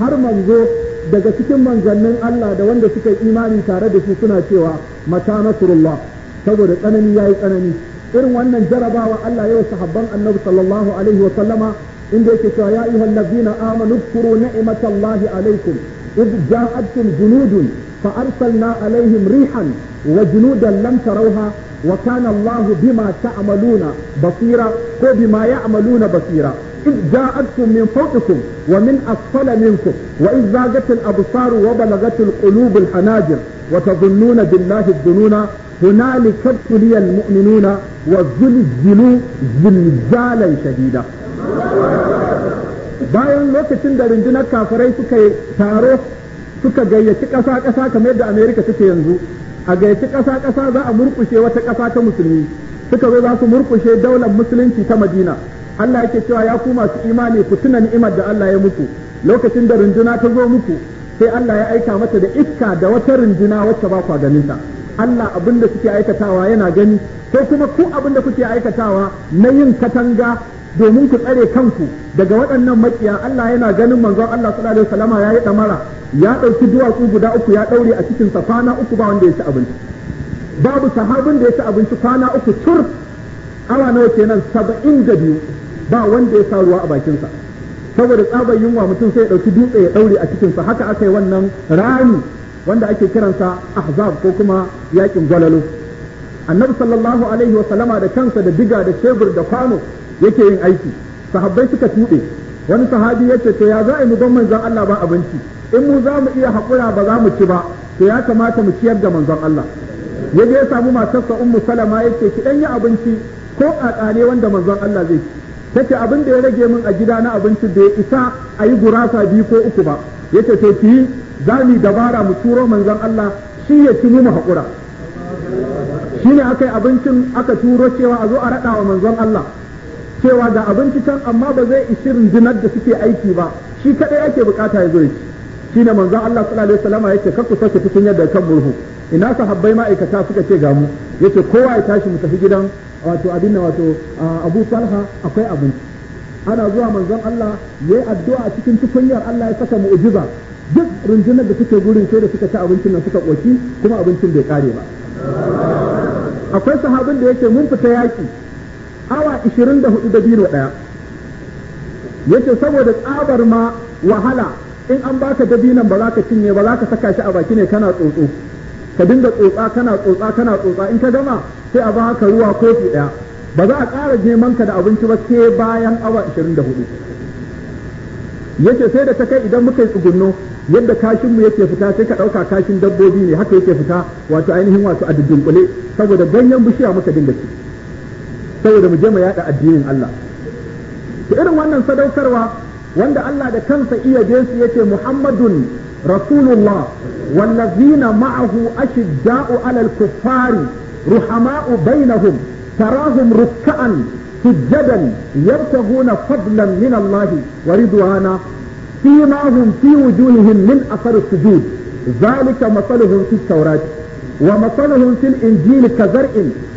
har manzo daga cikin manzannin Allah da wanda suka imani tare da shi suna cewa mata nasrullah saboda tsanani yayi tsanani irin wannan jarabawa Allah wa sahaban annabi sallallahu alaihi wa sallama inda yake cewa ya ayyuhallazina amanu kuru ni'matallahi alaikum إذ جاءتهم جنود فأرسلنا عليهم ريحا وجنودا لم تروها وكان الله بما تعملون بصيرا وبما يعملون بصيرا إذ جاءتكم من فوقكم ومن أسفل منكم وإذ زاغت الأبصار وبلغت القلوب الحناجر وتظنون بالله الظنون هنالك ابتلي المؤمنون وزلزلوا زلزالا شديدا bayan lokacin da rundunar kafirai suka yi taro suka gayyaci ƙasa ƙasa kamar da amerika take yanzu a gayyaci ƙasa ƙasa za a murƙushe wata ƙasa ta musulmi suka zo za su murƙushe daular musulunci ta madina Allah yake cewa ya ku masu imani ku tuna ni'imar da Allah ya muku lokacin da runduna ta zo muku sai Allah ya aika mata da iska da wata runduna wacce ba kwa ganin ta Allah abin da suke aikatawa yana gani ko kuma ku abin da kuke aikatawa na yin katanga domin ku tsare kanku daga waɗannan makiya Allah yana ganin manzon Allah sallallahu alaihi wasallama ya yi damara ya ɗauki duwatsu guda uku ya ɗaure a cikin sa kwana uku ba wanda ya ci abinci babu sahabin da ya ci abinci kwana uku tur awa nawa kenan saba'in da biyu ba wanda ya sa ruwa a bakinsa saboda tsabar yunwa mutum sai ya ɗauki dutse ya daure a sa haka aka yi wannan rami wanda ake kiransa ahzab ko kuma yakin gwalalo annabi sallallahu alaihi wa sallama da kansa da diga da shebur da kwano yake yin aiki sahabbai suka tuɗe wani sahabi ya ce to ya za a yi mu ban manzon Allah ba abinci in mu za mu iya haƙura ba za mu ci ba to ya kamata mu ciyar da manzon Allah ya je ya samu matarsa ummu salama ya ce ki yi abinci ko kakane wanda manzon Allah zai ta ce abin da ya rage min a gida na abinci da ya isa a yi gurasa biyu ko uku ba ya ce to ki za mu dabara mu turo manzon Allah shi ya ci mu haƙura shi ne aka yi abincin aka turo cewa a zo a raɗa wa manzon Allah cewa ga abinci can amma ba zai ishi rundunar da suke aiki ba shi kadai ake bukata ya zo ya ci ne manzon Allah sallallahu alaihi wasallam yake kakku sake cikin yadda kan murhu ina sahabbai ma'aikata suka ce ga mu ce kowa ya tashi mu tafi gidan wato abin wato Abu Talha akwai abinci ana zuwa manzon Allah ya yi addu'a a cikin tukunyar Allah ya saka mu'jiza duk rundunar da suke gurin sai da suka ci abincin nan suka koki kuma abincin bai kare ba akwai sahabin da yake mun fita yaki awa 24 da hudu biyu daya yace saboda tsabar ma wahala in an baka dabinan ba za ka cinye ba za ka saka shi a baki ne kana tsotso ka dinga tsotsa kana tsotsa kana tsotsa in ka gama sai a baka ruwa kofi daya ba za a ƙara neman ka da abinci ba sai bayan awa 24 yace sai da ta kai idan muka yi tsugunno yadda kashin mu yake fita sai ka ɗauka kashin dabbobi ne haka yake fita wato ainihin wato a dudunkule saboda ganyen bishiya muka dinga ci saboda mu je mu yada addinin Allah to irin wannan sadaukarwa wanda Allah da kansa iya je su yace Muhammadun Rasulullah wallazina ma'ahu ashidda'u 'alal kuffari ruhama'u bainahum tarahum ruk'an سجدا يبتغون فضلا من الله ورضوانا فيما هم في وجوههم من اثر السجود ذلك مثلهم في التوراة ومثلهم في الانجيل كزرع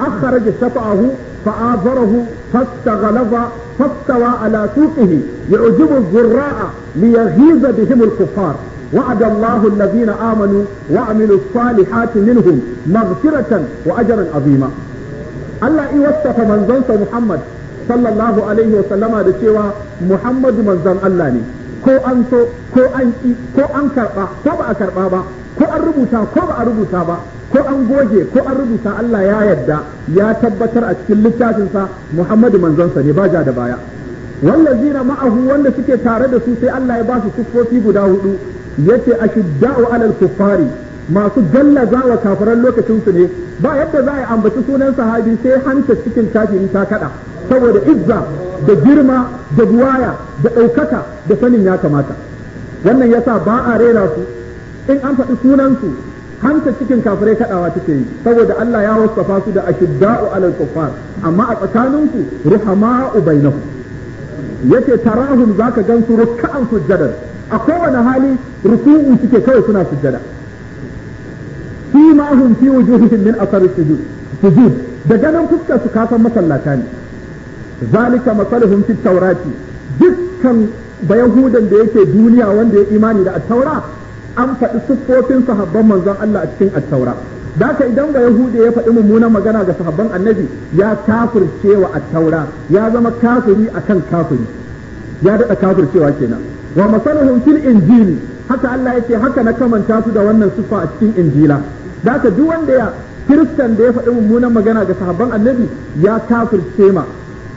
اخرج شطعه فآثره فاستغلظ فاستوى على سوقه يعجب الزراع ليغيظ بهم الكفار وعد الله الذين آمنوا وعملوا الصالحات منهم مغفرة وأجرا عظيما Allah i wasafa manzonsa Muhammad sallallahu alaihi wa sallama da cewa Muhammadu manzon Allah ne ko an so ko an ki ko an karba ko ba a karba ba ko an rubuta ko ba a rubuta ba ko an goge ko an rubuta Allah ya yarda ya tabbatar a cikin littafinsa Muhammadu manzonsa ne ba ja da baya zina ma'ahu wanda suke tare da su sai Allah ya ba su siffofi guda hudu yace ashidda'u alal kuffari masu za wa kafiran lokacin su ne ba yadda za a ambaci sunan sahabi sai hanta cikin in ta kada saboda izza da girma da guwaya da ɗaukaka da sanin ya kamata wannan yasa ba a rera su in an faɗi sunan su. hanta cikin kafirai kadawa take yi saboda Allah ya wasafa su da ashidda'u alal kuffar amma a tsakaninku ruhama'u bainahu yace tarahum zaka gansu ruk'an sujjadar a kowane hali ruku'u suke kawai suna sujjada fi ma hum fi wujuhihim min athar sujud sujud da ganin fuskar su kasan masallata ne zalika masaluhum fit tawrati dukkan bayahudan da yake duniya wanda ya imani da at an faɗi siffofin sahabban manzon Allah a cikin attaura Daka idan ba yahudi ya faɗi mummunan magana ga sahabban annabi ya kafircewa attaura ya zama kafiri akan kafiri ya daɗa kafircewa kenan wa masaluhum fil injili haka Allah yake haka na kamanta su da wannan siffa a cikin injila Daka duk wanda ya kiristan da ya faɗi mummunan magana ga sahabban annabi ya kafircewa ma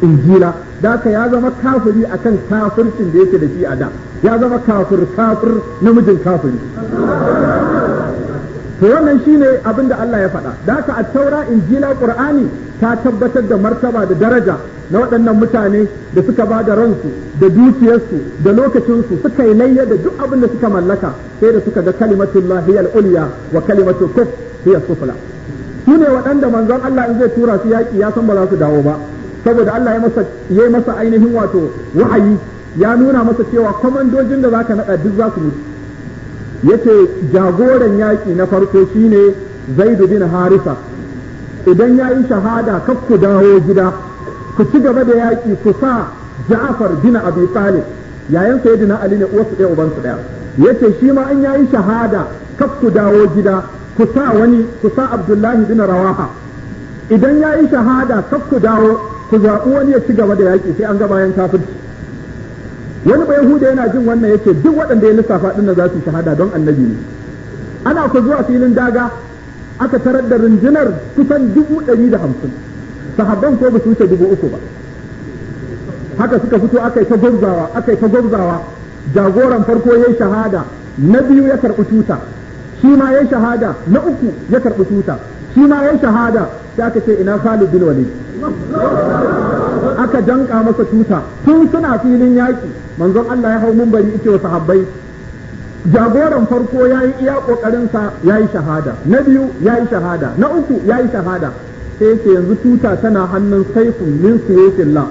injila da aka ya zama kafiri akan kafircin da yake da shi a da ya zama kafir kafir namijin kafiri to wannan shine abin da Allah ya faɗa da a taura injila qur'ani ta tabbatar da martaba da daraja na waɗannan mutane da suka ba da ransu da dukiyarsu da lokacinsu suka yi layya da duk abin da suka mallaka sai da suka ga kalimatullahi al-ulya wa kalimatul kuf hiya sufla su ne waɗanda manzon Allah in zai tura su yaƙi ya san ba za su dawo ba saboda Allah ya masa yayi masa ainihin wato wahayi ya nuna masa cewa komandojin da zaka nada duk za su mutu yace jagoran yaki na farko shine Zaid bin Harisa idan yayi shahada kar ku dawo gida ku ci gaba da yaki ku sa Ja'far bin Abi Talib yayan sayyidina Ali ne wasu ɗaya ubansu ɗaya yace shi ma an yayi shahada kar ku dawo gida ku sa wani ku sa Abdullahi bin Rawaha idan ya yi shahada kar ku dawo ku zaɓi wani ya ci gaba da yaƙi sai an ga bayan kafirci wani bai huda yana jin wannan yake duk waɗanda ya lissafa ɗin za su shahada don annabi ne ana ku zuwa filin daga aka tarar da rundunar kusan dubu ɗari da hamsin sahabban ko ba su wuce dubu uku ba haka suka fito aka yi ta gwabzawa aka yi ta gwabzawa jagoran farko ya shahada na biyu ya karɓi tuta shi ma ya shahada na uku ya karɓi tuta shi ma ya shahada sai aka ce ina Khalid bin Walid aka danka masa tuta tun suna filin yaki manzon Allah ya hau mumbari yake wa sahabbai jagoran farko yayi iya ƙoƙarinsa sa yayi shahada na biyu yayi shahada na uku yayi shahada sai yace yanzu tuta tana hannun saifin min siyafin la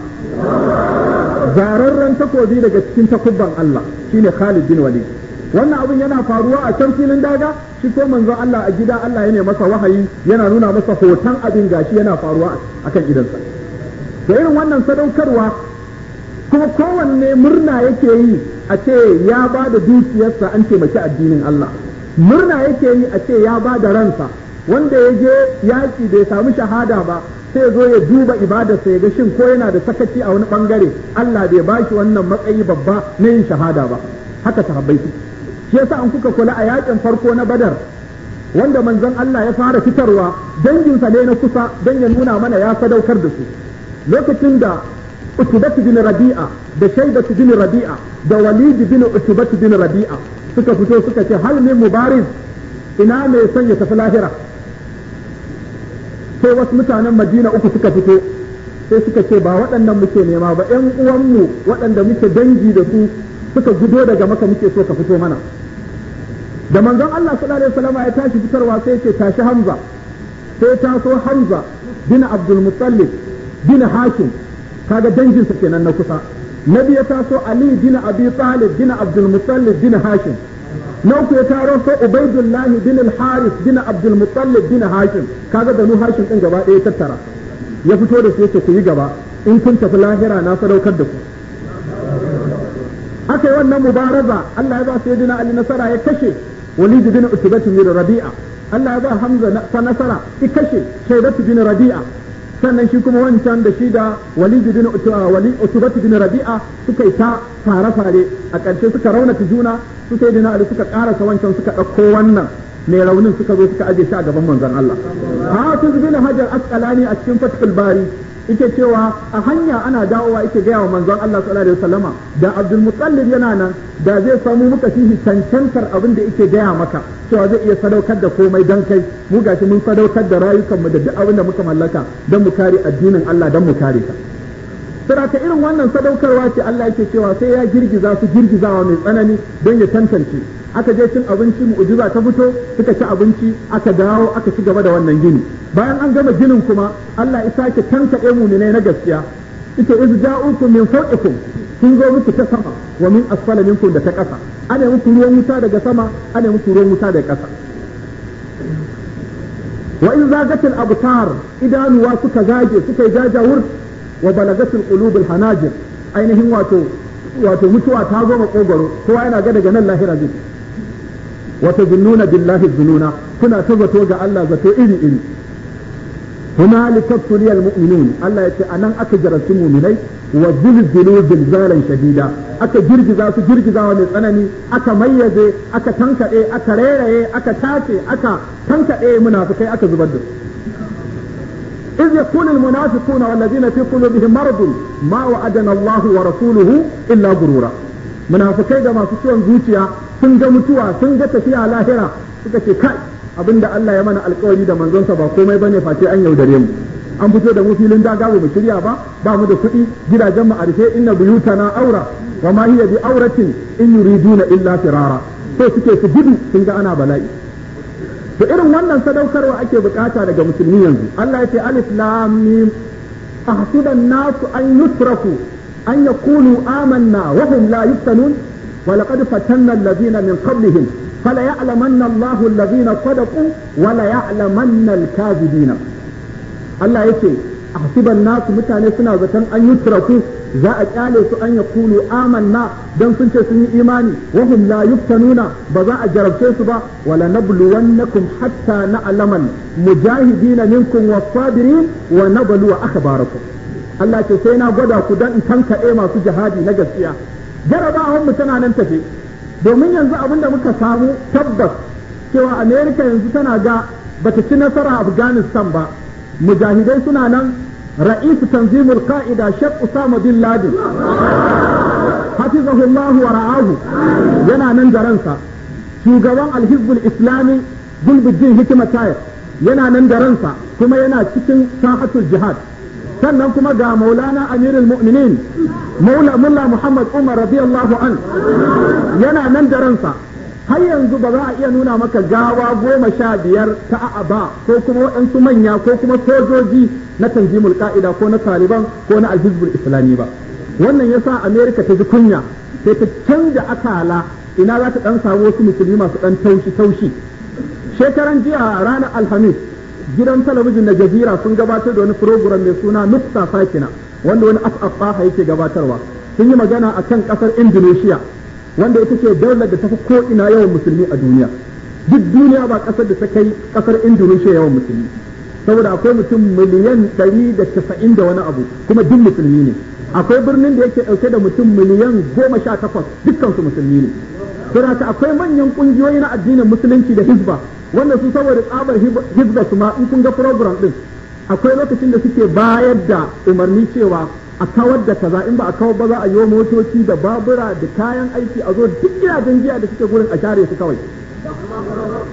zararren takobi daga cikin takubban Allah shine Khalid bin Walid wannan abin yana faruwa a can filin daga shi manzon Allah a gida Allah yana masa wahayi yana nuna masa hoton abin gashi yana faruwa akan gidansa da irin wannan sadaukarwa kuma kowanne murna yake yi a ce ya ba da dukiyarsa an taimaki addinin Allah murna yake yi a ce ya ba da ransa wanda ya je yaƙi bai samu shahada ba sai zo ya duba ibadarsa ya ga shin ko yana da sakaci a wani bangare Allah bai ba shi wannan matsayi babba na yin shahada ba haka ta su shi yasa an kuka kula a yakin farko na badar wanda manzon Allah ya fara fitarwa danginsa ne na kusa don ya nuna mana ya sadaukar da su lokacin da Utubatu bin Rabi'a da shaida bin Rabi'a da Walid bin Utubatu bin Rabi'a suka fito suka ce hal min mubariz ina mai son ya tafi lahira sai wasu mutanen Madina uku suka fito sai suka ce ba waɗannan muke nema ba ƴan uwanmu waɗanda muke dangi da su suka gudo daga maka muke so ka fito mana da manzon Allah sallallahu alaihi wasallam ya tashi fitarwa sai ce tashi Hamza sai taso Hamza bin Abdul Muttalib bin Hashim kaga danginsa kenan na kusa na biya ya taso Ali bin Abi Talib bin Abdul Muttalib bin Hashim na uku ya taro so Ubaidullah bin Al-Harith bin Abdul Muttalib bin Hashim kaga banu Hashim din gaba ɗaya tattara ya fito da su yace ku yi gaba in kun tafi lahira na sadaukar da ku aka yi wannan mubaraza Allah ya ba sayyidina Ali nasara ya kashe walid bin utbah bin rabi'a Allah ya ba hamza fa nasara i kashe shaibat bin rabi'a sannan shi kuma wancan da shi da bin utbah bin rabi'a suka yi ta fare fare a ƙarshe suka raunata juna su sai dina suka ƙarasa wancan suka ɗauko wannan mai raunin suka zo suka aje shi a gaban manzon Allah su bin Hajar Asqalani a cikin Fathul Bari ike cewa a hanya ana dawowa ike gaya wa manzon Allah sallallahu alaihi wasallama da Abdul Muttalib yana nan da zai samu muka shi cancantar abin da yake gaya maka cewa zai iya sadaukar da komai don kai mu gashi mun sadaukar da rayukanmu da duk abin da muka mallaka dan mu kare addinin Allah dan mu kare ka saraka irin wannan sadaukarwa ce Allah yake cewa sai ya girgiza su girgizawa mai tsanani don ya tantance aka je cin abinci mu'jiza ta fito suka ci abinci aka dawo aka ci gaba da wannan gini bayan an gama ginin kuma Allah ya sake tankaɗe mu'minai na gaskiya ita iz ja'ukum min fawqikum sun zo muku ta sama wa min asfala minkum da ta ƙasa ana muku ruwan wuta daga sama ana muku ruwan wuta daga ƙasa wa in zagatil abtar idanuwa suka gaje suka yi jajawur wa balagatul qulubul hanajir ainihin wato wato mutuwa ta zo makogaro kowa yana ga daga nan lahira zai wata zunnuna billahi zununa kuna ta zato ga Allah zato iri iri hunalika tuliyal mu'minun Allah yace anan aka jarabtu mu'minai wa zilzilu zilzalan shadida aka girgiza su girgizawa mai tsanani aka mayyaze aka tankade aka reraye aka tace aka tankade munafikai aka zubar da su إذ na المنافقون والذين في قلوبهم مرض ما وعدنا الله ورسوله إلا غرورا munafukai da masu ciwon zuciya sun ga mutuwa sun ga tafiya lahira suka ce kai abinda Allah ya mana alkawari da manzonsa ba komai bane face an yaudare mu an fito da mu filin daga ba mu shirya ba ba mu da kuɗi gidajen mu a rufe inna buyutana aura wa ma hiya bi auratin in yuriduna illa firara sai suke su gudu sun ga ana bala'i to irin wannan sadaukarwa ake bukata daga musulmi yanzu Allah ya ce alif lam mim ahsiban nasu an yutraku an yaqulu amanna wa hum la yuftanun wa laqad fatanna alladhina min qablihim fala ya'lamanna Allahu alladhina sadaqu wa la ya'lamanna al-kadhibina Allah ya ce ahsiban nasu mutane suna zaton an turaku za a kyale su an yakulu amanna dan sun ce sun yi imani wa hum la yuftanuna ba za a jarabce su ba wala nabluwannakum hatta na'laman mujahidina minkum was-sabirin wa nablu akhbarakum Allah ce sai na gwada ku dan tankaɗe masu jihadi na gaskiya jarabawan mu tana nan tafe domin yanzu abin da muka samu tabbas cewa America yanzu tana ga bata ci nasara Afghanistan ba mujahidai suna nan ra'isu tanzimul ka'ida Sheikh Usama bin Laden hafizahullahu wa ra'ahu yana nan da ransa shugaban alhizbul islami gulbuddin hikima tayar yana nan da ransa kuma yana cikin sahatul jihad sannan kuma ga maulana amirul mu'minin maula mulla muhammad umar radiyallahu an yana nan da ransa har yanzu ba za a iya nuna maka gawa goma sha biyar ta ba ko kuma waɗansu manya ko kuma sojoji na tanzimul ka'ida ko na taliban ko na alhizbul islami ba wannan ya sa amerika ta ji kunya sai ta canza akala ina za ta dan samu wasu musulmi masu ɗan taushi taushi shekaran jiya ranar alhamis gidan talabijin na jazira sun gabatar da wani program mai suna nuksa sakina wanda wani af'afaha yake gabatarwa sun yi magana a kan kasar indonesia wanda ita ce daular da ta fi ko ina yawan musulmi a duniya duk duniya ba kasar da ta kai kasar Indonesia yawan musulmi saboda akwai mutum miliyan ɗari da casa'in da wani abu kuma duk musulmi ne akwai birnin da yake ɗauke da mutum miliyan goma sha takwas dukkansu musulmi ne saboda akwai manyan ƙungiyoyi na addinin musulunci da hizba wanda su saboda tsabar hizba su ma in kun ga program din akwai lokacin da suke bayar da umarni cewa a kawar da kaza in ba a kawar ba za a yi wa motoci da babura da kayan aiki a zo duk gidajen jiya da suke gurin a share su kawai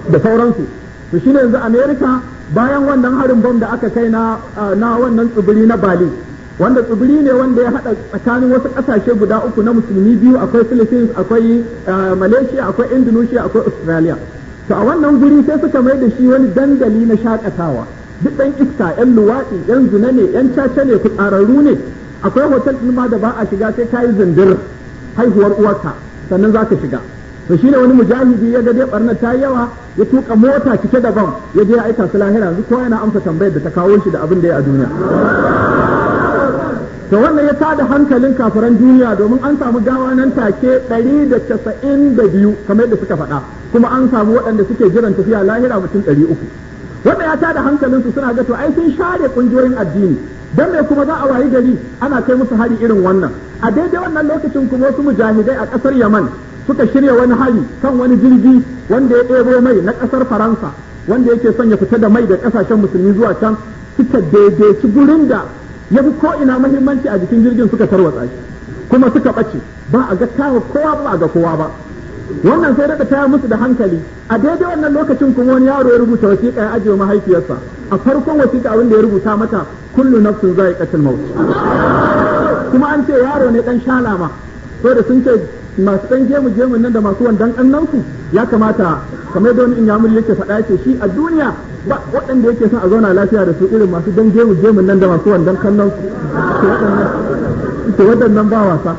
da sauransu to ne yanzu America bayan wannan harin bom da aka kai na na wannan tsibiri na Bali wanda tsibiri ne wanda ya hada tsakanin wasu kasashe guda uku na musulmi biyu akwai Philippines akwai Malaysia akwai Indonesia akwai Australia to a wannan guri sai suka mai da shi wani dandali na shakatawa duk dan iska yan luwaɗi yan zina ne yan caca ne fitsararru ne akwai hotel din ma da ba a shiga sai yi zindir haihuwar uwarka sannan za ka shiga to shine wani mujahidi ya ga dai barna ta yi yawa ya tuka mota cike da bam ya je ya aika su lahira yanzu kowa yana amsa tambayar da ta kawo shi da abin da ya a duniya to wannan ya tada hankalin kafiran duniya domin an samu gawa nan take 192 kamar da suka faɗa kuma an samu waɗanda suke jiran tafiya lahira mutum 300 wanda ya tada hankalinsu suna ga to ai sun share kungiyoyin addini dan me kuma za a wayi gari ana kai musu hari irin wannan a daidai wannan lokacin kuma wasu mujahidai a kasar Yaman suka shirya wani hari kan wani jirgi wanda ya ɗebo mai na kasar Faransa wanda yake son ya fita da mai da kasashen musulmi zuwa can suka daidaici gurin da ya fi ko'ina mahimmanci a jikin jirgin suka tarwatsa shi kuma suka ɓace ba a ga kowa ba a ga kowa ba wannan sai daga taya musu da hankali a daidai wannan lokacin kuma wani yaro ya rubuta wasiƙa ya ajiye mahaifiyarsa a farkon wasiƙa abin da ya rubuta mata kullu nafsin zai qatil maut kuma an ce yaro ne dan shalama to da sun ce masu dan gemu gemu nan da masu wandan kannan su ya kamata kamar da wani inyamuri yake faɗa ce shi a duniya ba waɗanda yake son a zauna lafiya da su irin masu dan gemu gemu nan da masu wandan kannan su to waɗannan ba wasa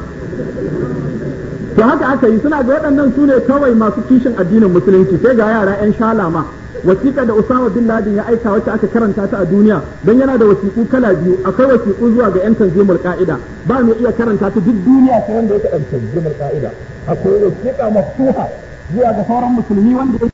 to haka aka yi suna ga waɗannan su ne kawai masu kishin addinin musulunci sai ga yara 'yan shalama wasiƙa da Usama bin Laden ya aika wacce aka karanta ta a duniya don yana da wasiƙu kala biyu akwai wasiƙu zuwa ga 'yan tanzimul ka'ida ba mu iya karanta ta duk duniya sai wanda yake ɗan tanzimul ka'ida akwai wasiƙa maftuha zuwa ga sauran musulmi wanda